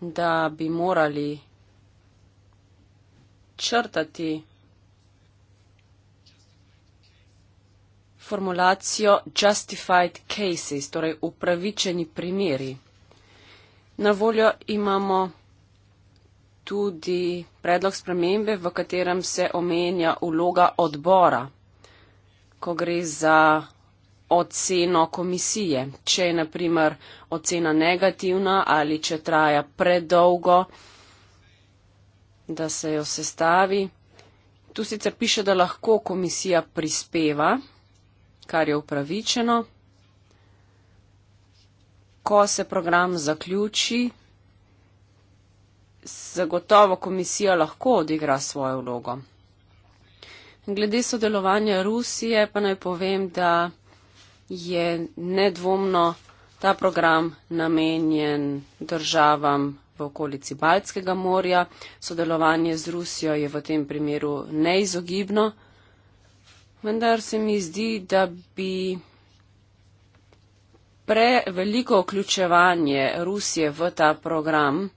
da bi morali črtati formulacijo justified cases, torej upravičeni primeri. Na voljo imamo tudi predlog spremembe, v katerem se omenja uloga odbora, ko gre za oceno komisije. Če je naprimer ocena negativna ali če traja predolgo, da se jo sestavi. Tu sicer piše, da lahko komisija prispeva, kar je upravičeno. Ko se program zaključi, zagotovo komisija lahko odigra svojo vlogo. Glede sodelovanja Rusije pa naj povem, da je nedvomno ta program namenjen državam v okolici Baltskega morja. Sodelovanje z Rusijo je v tem primeru neizogibno. Vendar se mi zdi, da bi preveliko vključevanje Rusije v ta program,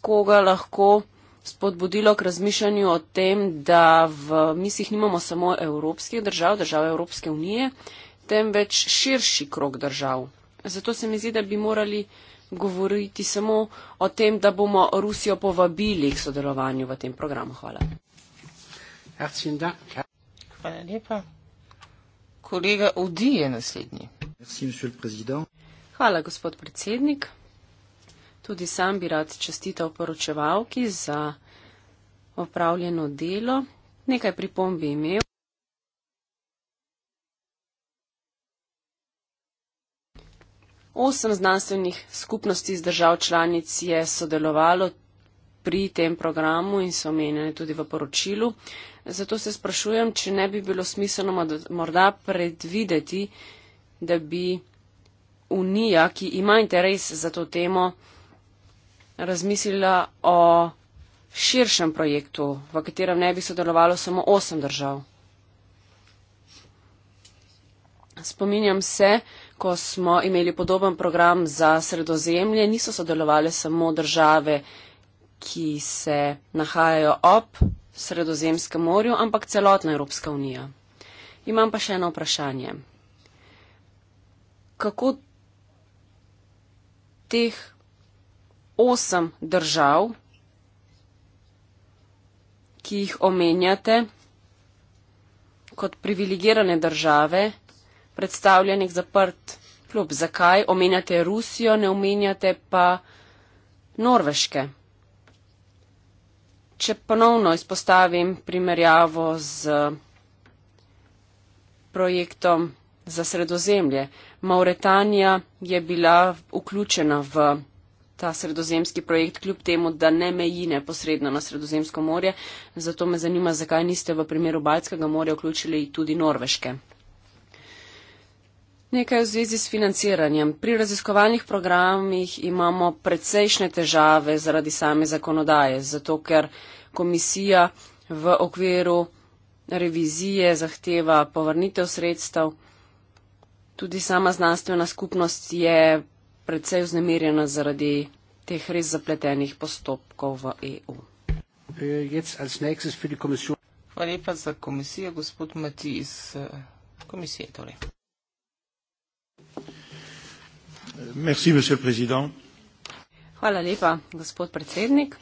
koga lahko spodbudilo k razmišljanju o tem, da v mislih nimamo samo evropskih držav, držav Evropske unije, temveč širši krok držav. Zato se mi zdi, da bi morali govoriti samo o tem, da bomo Rusijo povabili k sodelovanju v tem programu. Hvala. Hvala lepa. Kolega Udi je naslednji. Hvala, gospod predsednik. Tudi sam bi rad čestital poročevalki za opravljeno delo. Nekaj pripomb bi imel. Osem znanstvenih skupnosti iz držav članic je sodelovalo pri tem programu in so omenjene tudi v poročilu. Zato se sprašujem, če ne bi bilo smiselno morda predvideti, da bi Unija, ki ima interes za to temo, razmislila o širšem projektu, v katerem ne bi sodelovalo samo osem držav. Spominjam se, ko smo imeli podoben program za sredozemlje, niso sodelovali samo države, ki se nahajajo ob sredozemskem morju, ampak celotna Evropska unija. Imam pa še eno vprašanje. Kako teh osem držav, ki jih omenjate kot privilegirane države, predstavljenih zaprt klub. Zakaj omenjate Rusijo, ne omenjate pa Norveške? Če ponovno izpostavim primerjavo z projektom za sredozemlje, Mauretanija je bila vključena v ta sredozemski projekt, kljub temu, da ne meji neposredno na sredozemsko morje. Zato me zanima, zakaj niste v primeru Baljskega morja vključili tudi Norveške. Nekaj v zvezi s financiranjem. Pri raziskovalnih programih imamo precejšnje težave zaradi same zakonodaje, zato ker komisija v okviru revizije zahteva povrnitev sredstev. Tudi sama znanstvena skupnost je predvsej vznemirjena zaradi teh res zapletenih postopkov v EU. Eh, Hvala lepa za komisijo, gospod Mati iz eh, komisije. Torej. Merci, Hvala lepa, gospod predsednik.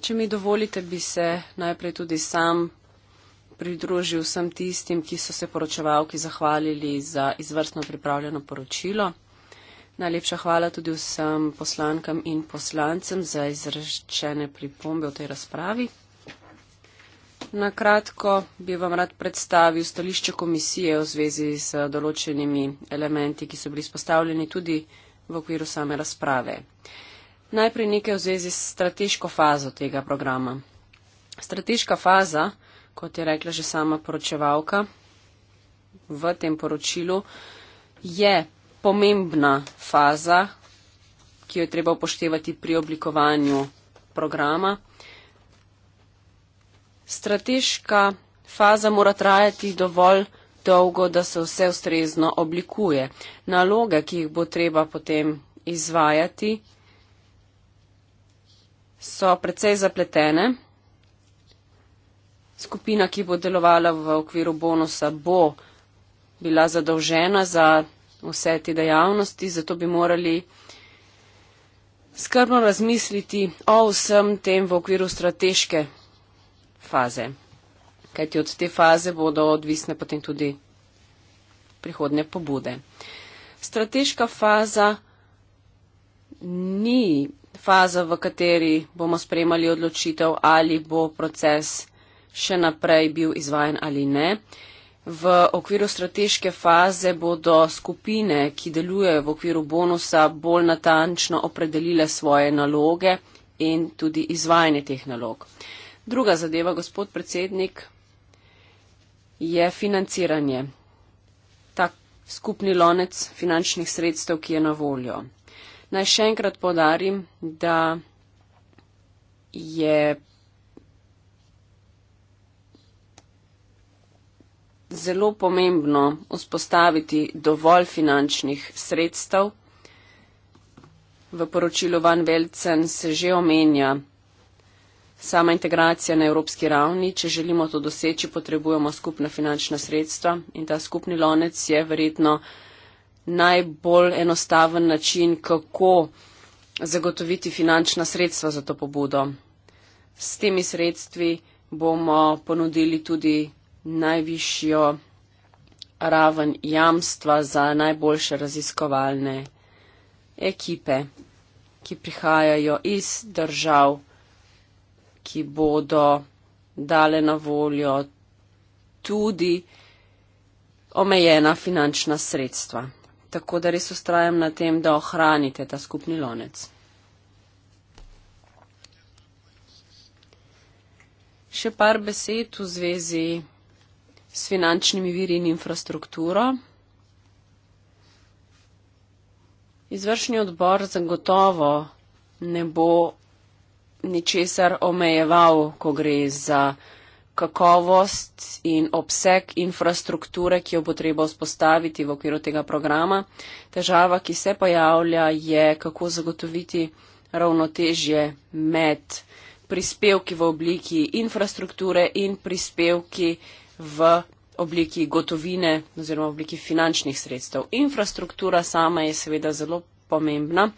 Če mi dovolite, bi se najprej tudi sam pridružil vsem tistim, ki so se poročevalki zahvalili za izvrstno pripravljeno poročilo. Najlepša hvala tudi vsem poslankam in poslancem za izrečene pripombe v tej razpravi. Na kratko bi vam rad predstavil stališče komisije v zvezi z določenimi elementi, ki so bili izpostavljeni tudi v okviru same razprave. Najprej nekaj v zvezi s strateško fazo tega programa. Strateška faza kot je rekla že sama poročevalka v tem poročilu, je pomembna faza, ki jo je treba upoštevati pri oblikovanju programa. Strateška faza mora trajati dovolj dolgo, da se vse ustrezno oblikuje. Naloge, ki jih bo treba potem izvajati, so precej zapletene skupina, ki bo delovala v okviru bonusa, bo bila zadolžena za vse te dejavnosti, zato bi morali skrbno razmisliti o vsem tem v okviru strateške faze. Kajti od te faze bodo odvisne potem tudi prihodne pobude. Strateška faza ni faza, v kateri bomo spremali odločitev, ali bo proces še naprej bil izvajan ali ne. V okviru strateške faze bodo skupine, ki delujejo v okviru bonusa, bolj natančno opredelile svoje naloge in tudi izvajanje teh nalog. Druga zadeva, gospod predsednik, je financiranje. Ta skupni lonec finančnih sredstev, ki je na voljo. Naj še enkrat podarim, da je zelo pomembno vzpostaviti dovolj finančnih sredstev. V poročilu Van Velcen se že omenja sama integracija na evropski ravni. Če želimo to doseči, potrebujemo skupna finančna sredstva in ta skupni lonec je verjetno najbolj enostaven način, kako zagotoviti finančna sredstva za to pobudo. S temi sredstvi bomo ponudili tudi najvišjo raven jamstva za najboljše raziskovalne ekipe, ki prihajajo iz držav, ki bodo dale na voljo tudi omejena finančna sredstva. Tako da res ustrajam na tem, da ohranite ta skupni lonec. Še par besed v zvezi s finančnimi viri in infrastrukturo. Izvršni odbor zagotovo ne bo ničesar omejeval, ko gre za kakovost in obseg infrastrukture, ki jo bo treba vzpostaviti v okviru tega programa. Težava, ki se pojavlja, je, kako zagotoviti ravnotežje med prispevki v obliki infrastrukture in prispevki v obliki gotovine oziroma v obliki finančnih sredstev. Infrastruktura sama je seveda zelo pomembna,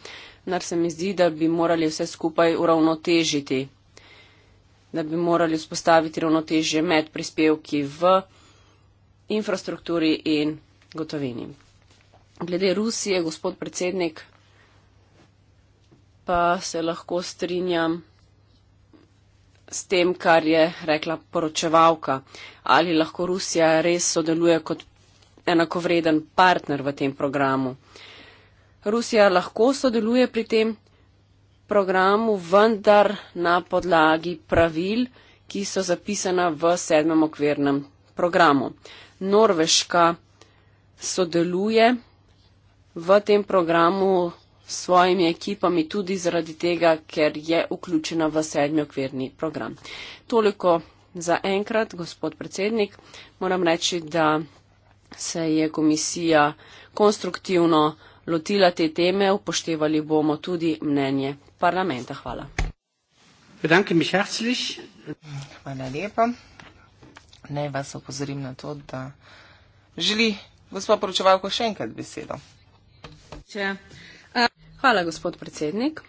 nar se mi zdi, da bi morali vse skupaj uravnotežiti, da bi morali vzpostaviti ravnotežje med prispevki v infrastrukturi in gotovini. Glede Rusije, gospod predsednik, pa se lahko strinjam s tem, kar je rekla poročevalka. Ali lahko Rusija res sodeluje kot enakovreden partner v tem programu? Rusija lahko sodeluje pri tem programu, vendar na podlagi pravil, ki so zapisana v sedmem okvirnem programu. Norveška sodeluje v tem programu s svojimi ekipami tudi zaradi tega, ker je vključena v sedmi okvirni program. Toliko za enkrat, gospod predsednik. Moram reči, da se je komisija konstruktivno lotila te teme, upoštevali bomo tudi mnenje parlamenta. Hvala. Hvala lepa. Naj vas opozorim na to, da želi gospod poročevalko še enkrat besedo. Če. Hvala, gospod predsednik.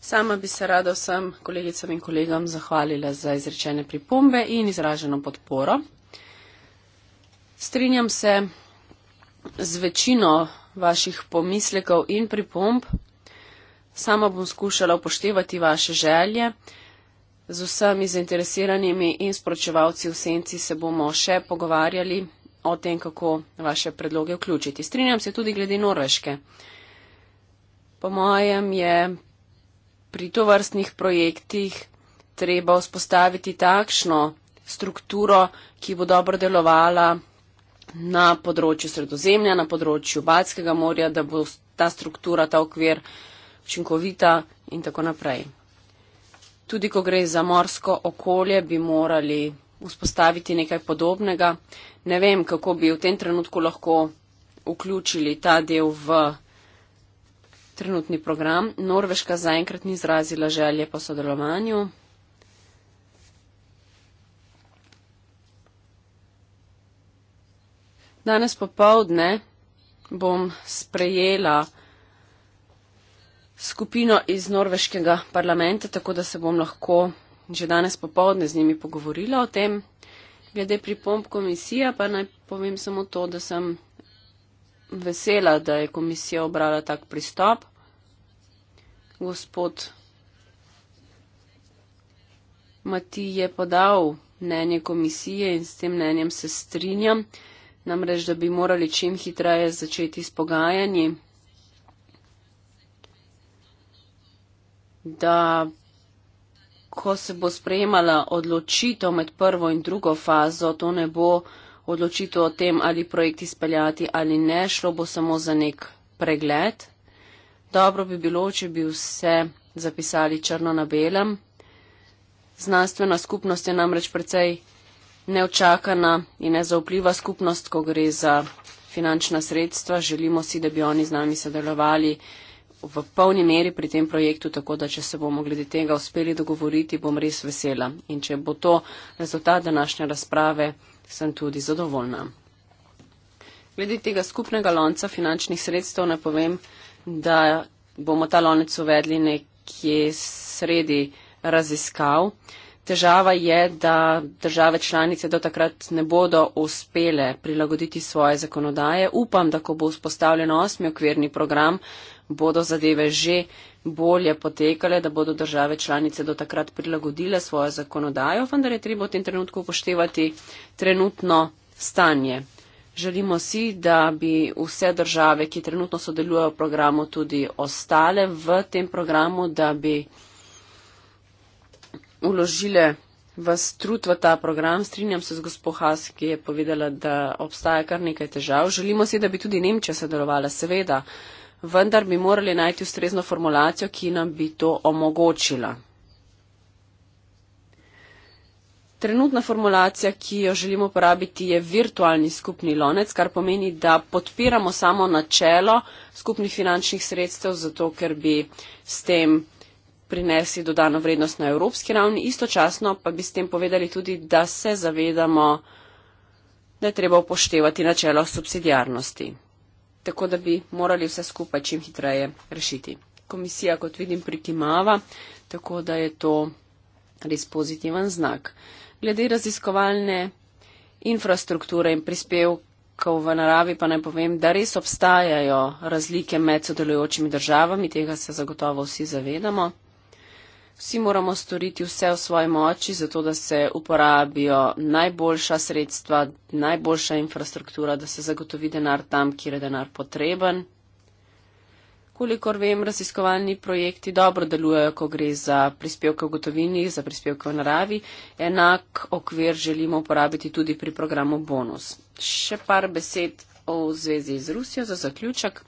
Sama bi se rada vsem kolegicam in kolegam zahvalila za izrečene pripombe in izraženo podporo. Strinjam se z večino vaših pomislekov in pripomb. Sama bom skušala upoštevati vaše želje. Z vsemi zainteresiranimi in sporočevalci v senci se bomo še pogovarjali o tem, kako vaše predloge vključiti. Strinjam se tudi glede Norveške. Po mojem je pri tovrstnih projektih treba vzpostaviti takšno strukturo, ki bo dobro delovala na področju sredozemlja, na področju Balskega morja, da bo ta struktura, ta okvir učinkovita in tako naprej. Tudi ko gre za morsko okolje, bi morali vzpostaviti nekaj podobnega. Ne vem, kako bi v tem trenutku lahko vključili ta del v trenutni program. Norveška zaenkrat ni izrazila želje po sodelovanju. Danes popovdne bom sprejela skupino iz norveškega parlamenta, tako da se bom lahko že danes popovdne z njimi pogovorila o tem. Glede pripomp komisije pa naj povem samo to, da sem vesela, da je komisija obrala tak pristop. Gospod Mati je podal mnenje komisije in s tem mnenjem se strinjam, namreč, da bi morali čim hitreje začeti s pogajanji. Da ko se bo sprejemala odločitev med prvo in drugo fazo, to ne bo odločitev o tem, ali projekt izpeljati ali ne, šlo bo samo za nek pregled. Dobro bi bilo, če bi vse zapisali črno na belem. Znanstvena skupnost je namreč precej neočakana in nezaupljiva skupnost, ko gre za finančna sredstva. Želimo si, da bi oni z nami sodelovali v polni meri pri tem projektu, tako da če se bomo glede tega uspeli dogovoriti, bom res vesela. In če bo to rezultat današnje razprave, sem tudi zadovoljna. Glede tega skupnega lonca finančnih sredstev ne povem, da bomo ta lonec uvedli nekje sredi raziskav. Težava je, da države članice do takrat ne bodo uspele prilagoditi svoje zakonodaje. Upam, da ko bo vzpostavljen osmi okvirni program, bodo zadeve že bolje potekale, da bodo države članice do takrat prilagodile svojo zakonodajo, vendar je treba v tem trenutku upoštevati trenutno stanje. Želimo si, da bi vse države, ki trenutno sodelujejo v programu, tudi ostale v tem programu, da bi uložile vas trud v ta program. Strinjam se z gospod Has, ki je povedala, da obstaja kar nekaj težav. Želimo si, da bi tudi Nemčija sodelovala, seveda vendar bi morali najti ustrezno formulacijo, ki nam bi to omogočila. Trenutna formulacija, ki jo želimo uporabiti, je virtualni skupni lonec, kar pomeni, da podpiramo samo načelo skupnih finančnih sredstev, zato ker bi s tem prinesli dodano vrednost na evropski ravni. Istočasno pa bi s tem povedali tudi, da se zavedamo, da je treba upoštevati načelo subsidijarnosti tako da bi morali vse skupaj čim hitreje rešiti. Komisija, kot vidim, prikimava, tako da je to res pozitiven znak. Glede raziskovalne infrastrukture in prispevkov v naravi pa naj povem, da res obstajajo razlike med sodelujočimi državami, tega se zagotovo vsi zavedamo. Vsi moramo storiti vse v svoji moči, zato da se uporabijo najboljša sredstva, najboljša infrastruktura, da se zagotovi denar tam, kjer je denar potreben. Kolikor vem, raziskovalni projekti dobro delujejo, ko gre za prispevke v gotovini, za prispevke v naravi. Enak okvir želimo uporabiti tudi pri programu bonus. Še par besed o zvezi z Rusijo za zaključek.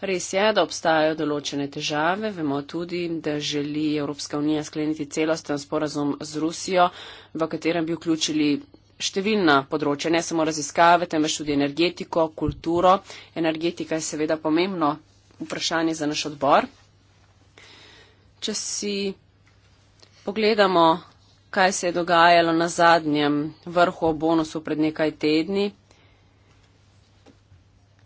Res je, da obstajajo določene težave. Vemo tudi, da želi Evropska unija skleniti celosten sporazum z Rusijo, v katerem bi vključili številna področja, ne samo raziskave, temveč tudi energetiko, kulturo. Energetika je seveda pomembno vprašanje za naš odbor. Če si pogledamo, kaj se je dogajalo na zadnjem vrhu o bonusu pred nekaj tedni,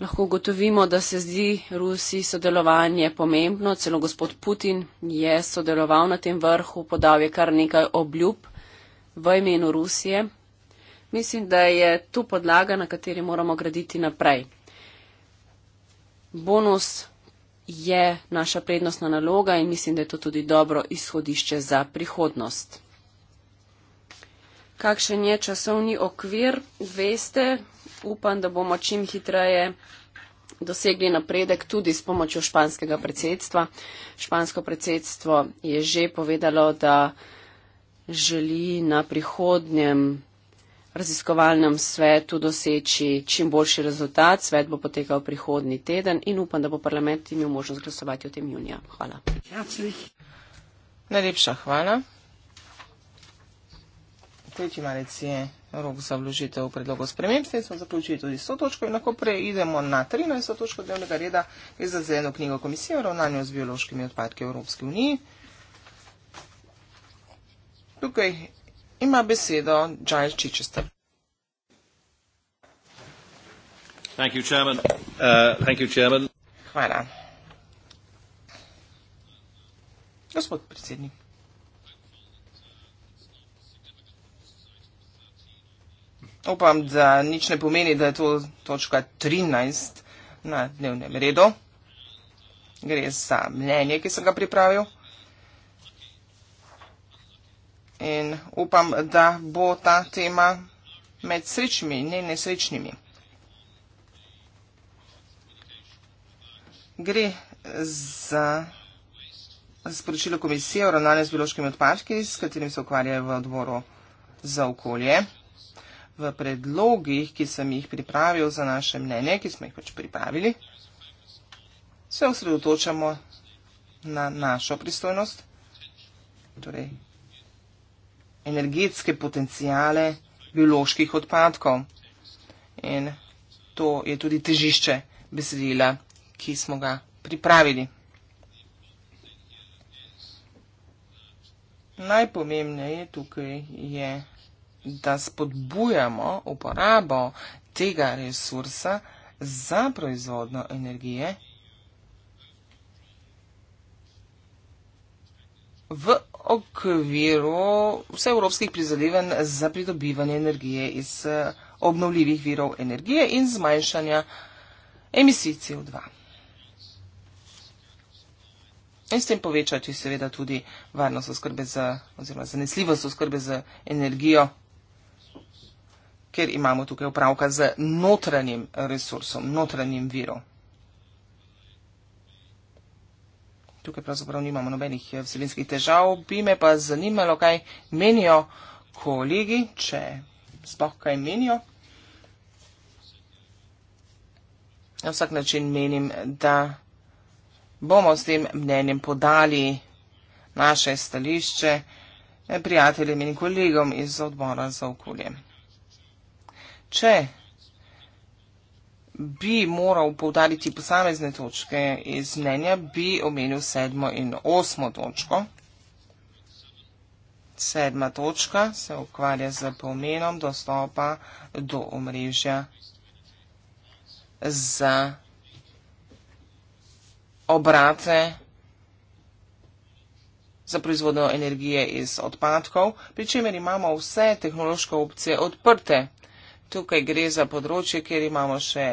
Lahko gotovimo, da se zdi Rusiji sodelovanje pomembno. Celo gospod Putin je sodeloval na tem vrhu, podal je kar nekaj obljub v imenu Rusije. Mislim, da je tu podlaga, na kateri moramo graditi naprej. Bonus je naša prednostna naloga in mislim, da je to tudi dobro izhodišče za prihodnost. Kakšen je časovni okvir, veste, upam, da bomo čim hitreje dosegli napredek tudi s pomočjo španskega predsedstva. Špansko predsedstvo je že povedalo, da želi na prihodnjem raziskovalnem svetu doseči čim boljši rezultat. Svet bo potekal prihodni teden in upam, da bo parlament imel možnost glasovati v tem junija. Hvala. Najlepša hvala. Tretji malec je rok za vložitev predlogov sprememb. Zdaj smo zaključili tudi 100 točko in lahko preidemo na 13. točko dnevnega reda, ki je za zeleno knjigo komisije o ravnanju z biološkimi odpadki Evropske unije. Tukaj ima besedo Džajl Čičester. Thank you, Chairman. Uh, thank you, Chairman. Hvala. Gospod predsednik. Upam, da nič ne pomeni, da je to točka 13 na dnevnem redu. Gre za mnenje, ki sem ga pripravil. In upam, da bo ta tema med srečnimi in ne nesrečnimi. Gre za sporočilo Komisije o ravnanju z biološkimi odpadki, s katerim se ukvarjajo v odboru za okolje v predlogih, ki sem jih pripravil za naše mnenje, ki smo jih pač pripravili, se osredotočamo na našo pristojnost, torej energetske potencijale bioloških odpadkov. In to je tudi težišče besedila, ki smo ga pripravili. Najpomembneje tukaj je da spodbujamo uporabo tega resursa za proizvodno energije v okviru vseevropskih prizadevanj za pridobivanje energije iz eh, obnovljivih virov energije in zmanjšanja emisij CO2. In s tem povečati seveda tudi varnost oskrbe z, oziroma zanesljivost oskrbe z energijo ker imamo tukaj upravka z notranjim resursom, notranjim virom. Tukaj pravzaprav nimamo nobenih eh, vsebinskih težav, bi me pa zanimalo, kaj menijo kolegi, če spoh kaj menijo. Na vsak način menim, da bomo s tem mnenjem podali naše stališče prijateljem in kolegom iz odbora za okolje če bi moral povdariti posamezne točke iz mnenja, bi omenil sedmo in osmo točko. Sedma točka se ukvarja z pomenom dostopa do omrežja za obrate za proizvodno energije iz odpadkov, pri čemer imamo vse tehnološke opcije odprte tukaj gre za področje, kjer imamo še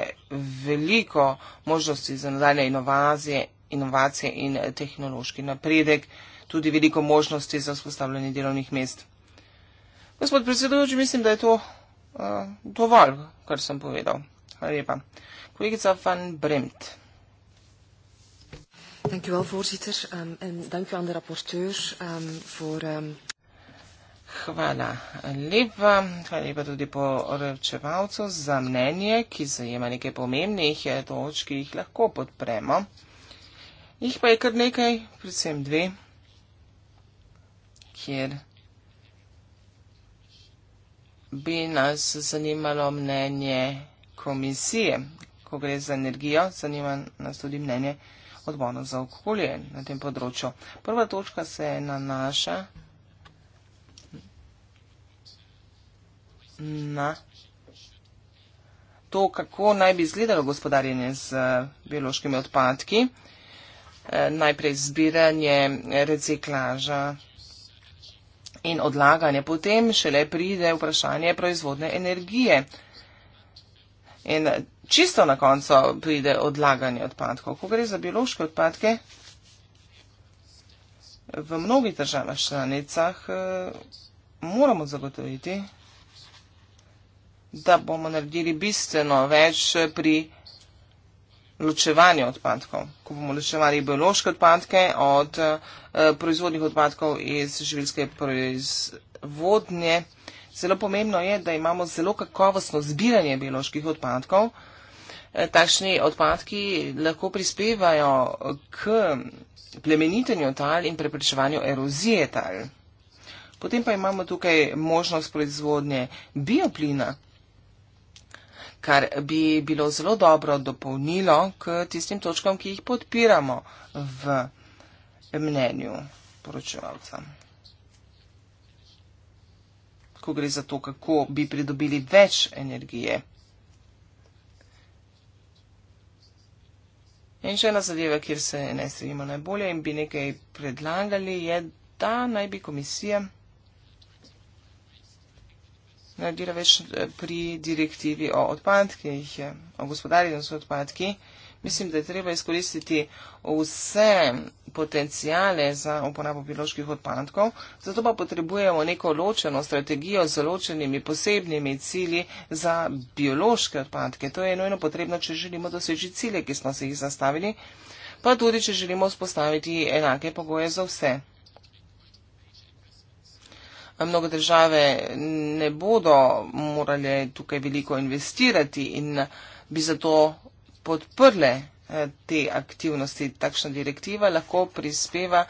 veliko možnosti za nadaljne inovacije, inovacije in eh, tehnološki napredek, tudi veliko možnosti za vzpostavljanje delovnih mest. Gospod predsedujoči, mislim, da je to uh, dovolj, kar sem povedal. Hvala lepa. Kolegica van Bremt. Dank u wel, voorzitter. Um, en dank u aan de rapporteur um, ehm, voor um, Hvala lepa. Hvala lepa tudi poročevalcu za mnenje, ki zajema nekaj pomembnih eh, točk, ki jih lahko podpremo. Jih pa je kar nekaj, predvsem dve, kjer bi nas zanimalo mnenje komisije. Ko gre za energijo, zanima nas tudi mnenje odbora za okolje na tem področju. Prva točka se nanaša. na to, kako naj bi izgledalo gospodarjenje z eh, biološkimi odpadki. Eh, najprej zbiranje, eh, reciklaža in odlaganje, potem šele pride vprašanje proizvodne energije. In čisto na koncu pride odlaganje odpadkov. Ko gre za biološke odpadke, v mnogih državah članicah moramo zagotoviti da bomo naredili bistveno več pri ločevanju odpadkov, ko bomo ločevali biološke odpadke od eh, proizvodnih odpadkov iz živilske proizvodnje. Zelo pomembno je, da imamo zelo kakovostno zbiranje bioloških odpadkov. Eh, takšni odpadki lahko prispevajo k plemenitenju tal in preprečevanju erozije tal. Potem pa imamo tukaj možnost proizvodnje bioplina, kar bi bilo zelo dobro dopolnilo k tistim točkam, ki jih podpiramo v mnenju poročevalca. Ko gre za to, kako bi pridobili več energije. In še ena zadeva, kjer se ne strinjamo najbolje in bi nekaj predlagali, je, da naj bi komisija naredila več eh, pri direktivi o odpadkih, eh, o gospodarjenju z odpadki. Mislim, da je treba izkoristiti vse potencijale za uporabo biloških odpadkov, zato pa potrebujemo neko ločeno strategijo z ločenimi posebnimi cilji za biološke odpadke. To je nujno potrebno, če želimo doseči cilje, ki smo se jih zastavili, pa tudi, če želimo vzpostaviti enake pogoje za vse mnogo države ne bodo morali tukaj veliko investirati in bi zato podprle eh, te aktivnosti. Takšna direktiva lahko prispeva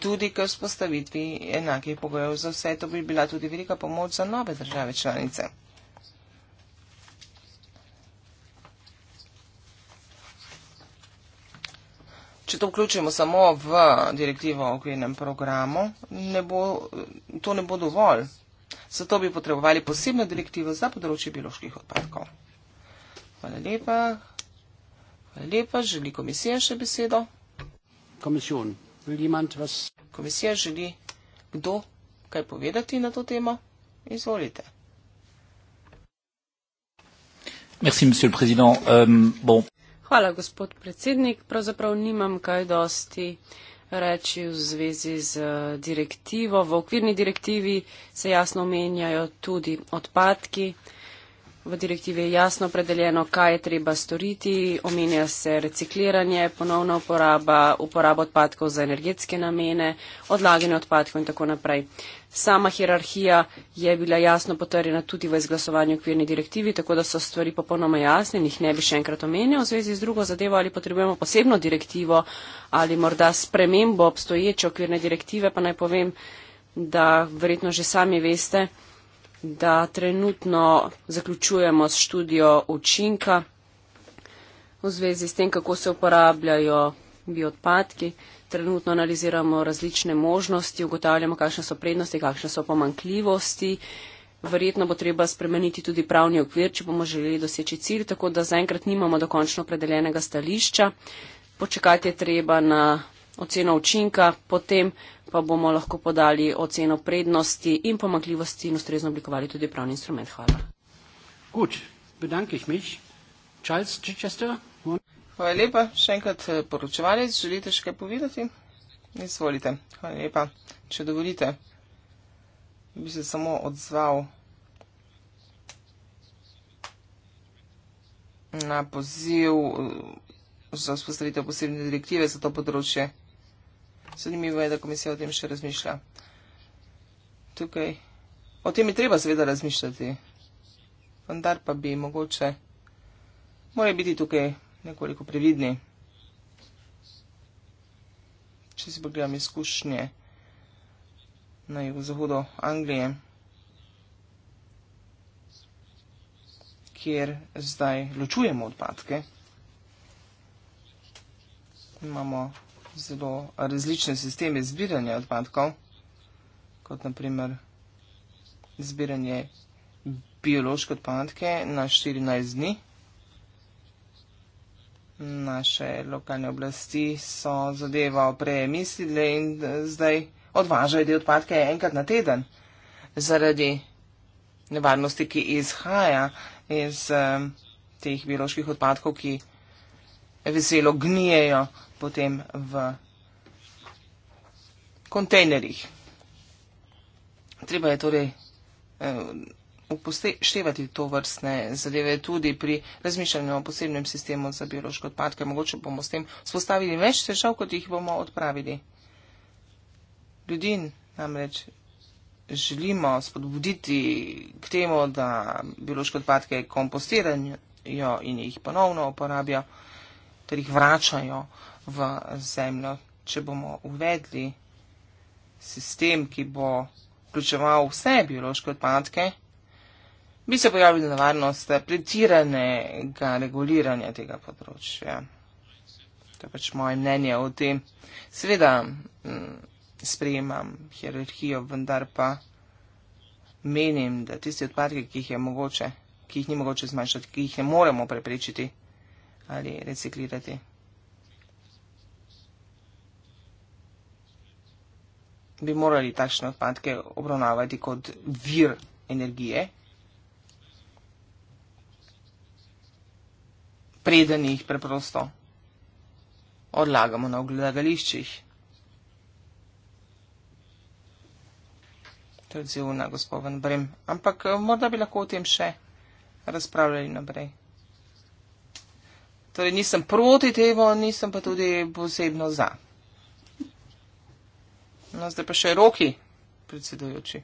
tudi k vzpostavitvi enakih pogojev za vse. To bi bila tudi velika pomoč za nove države članice. če to vključimo samo v direktivo o okvirnem programu, ne bo, to ne bo dovolj. Zato bi potrebovali posebno direktivo za področje bioloških odpadkov. Hvala lepa. Hvala lepa. Želi komisija še besedo? Komisjon. Was... Komisija želi kdo kaj povedati na to temo? Izvolite. Merci, monsieur le Président. Euh, bon. Hvala, gospod predsednik. Pravzaprav nimam kaj dosti reči v zvezi z eh, direktivo. V okvirni direktivi se jasno omenjajo tudi odpadki. V direktivi je jasno predeljeno, kaj je treba storiti, omenja se recikliranje, ponovna uporaba, uporaba odpadkov za energetske namene, odlaganje odpadkov in tako naprej. Sama hierarhija je bila jasno potrjena tudi v izglasovanju okvirne direktivi, tako da so stvari popolnoma jasne in jih ne bi še enkrat omenjal. V zvezi z drugo zadevo ali potrebujemo posebno direktivo ali morda spremembo obstoječe okvirne direktive, pa naj povem, da verjetno že sami veste, da trenutno zaključujemo s študijo učinka v zvezi s tem, kako se uporabljajo biodpadki. Trenutno analiziramo različne možnosti, ugotavljamo, kakšne so prednosti, kakšne so pomankljivosti. Verjetno bo treba spremeniti tudi pravni okvir, če bomo želeli doseči cilj, tako da zaenkrat nimamo dokončno predeljenega stališča. Počekati je treba na oceno učinka, potem pa bomo lahko podali oceno prednosti in pomakljivosti in ustrezno oblikovali tudi pravni instrument. Hvala. Gut, bedanke ich mich. Charles Chichester. Hvala lepa, še enkrat eh, poročevalec, želite še kaj povedati? Izvolite. Hvala lepa. Če dovolite, bi se samo odzval na poziv eh, za vzpostavitev posebne direktive za to področje. Zanimivo je, da komisija o tem še razmišlja. Tukaj. O tem je treba seveda razmišljati, vendar pa bi mogoče morali biti tukaj nekoliko previdni. Če si pogledam izkušnje na jugozahodu Anglije, kjer zdaj ločujemo odpadke, imamo zelo različne sisteme zbiranja odpadkov, kot naprimer zbiranje biološke odpadke na 14 dni. Naše lokalne oblasti so zadeva premislile in eh, zdaj odvažajo te odpadke enkrat na teden zaradi nevarnosti, ki izhaja iz um, teh bioloških odpadkov, ki veselo gnijejo potem v kontejnerjih. Treba je torej eh, upoštevati to vrstne zadeve tudi pri razmišljanju o posebnem sistemu za biološke odpadke. Mogoče bomo s tem spostavili več težav, kot jih bomo odpravili. Ljudi namreč želimo spodbuditi k temu, da biološke odpadke kompostirajo in jih ponovno uporabijo, ter jih vračajo uh, v zemljo. Če bomo uvedli sistem, ki bo vključeval vse biološke odpadke, bi se pojavila nevarnost pretiranega reguliranja tega področja. To je pač moje mnenje o tem. Sveda mm, sprejemam hierarhijo, vendar pa menim, da tiste odpadke, ki jih je mogoče, ki jih ni mogoče zmanjšati, ki jih ne moremo preprečiti ali reciklirati. bi morali takšne odpadke obravnavati kot vir energije, preden jih preprosto odlagamo na ogledališčih. To je odziv na gospoven Brem. Ampak eh, morda bi lahko o tem še razpravljali naprej. Torej nisem proti temu, nisem pa tudi posebno za. No, zdaj pa še roki, predsedujoči.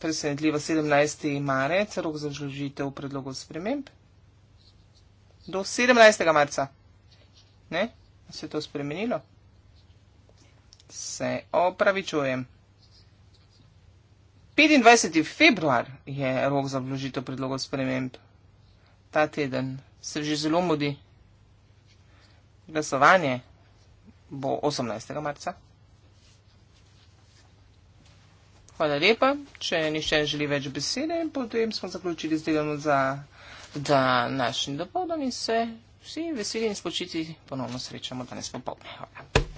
Presenetljivo 17. marec, rok za žložitev predlogov sprememb. Do 17. marca. Ne? Se je to spremenilo? Se opravičujem. 25. februar je rok za vložitev predlogov sprememb. Ta teden se že zelo mudi. Glasovanje bo 18. marca. Hvala lepa. Če nišče ne želi več besede, potem smo zaključili z delom za današnji dopoldan in se vsi veseli in spočiti ponovno srečamo danes popoldne. Hvala.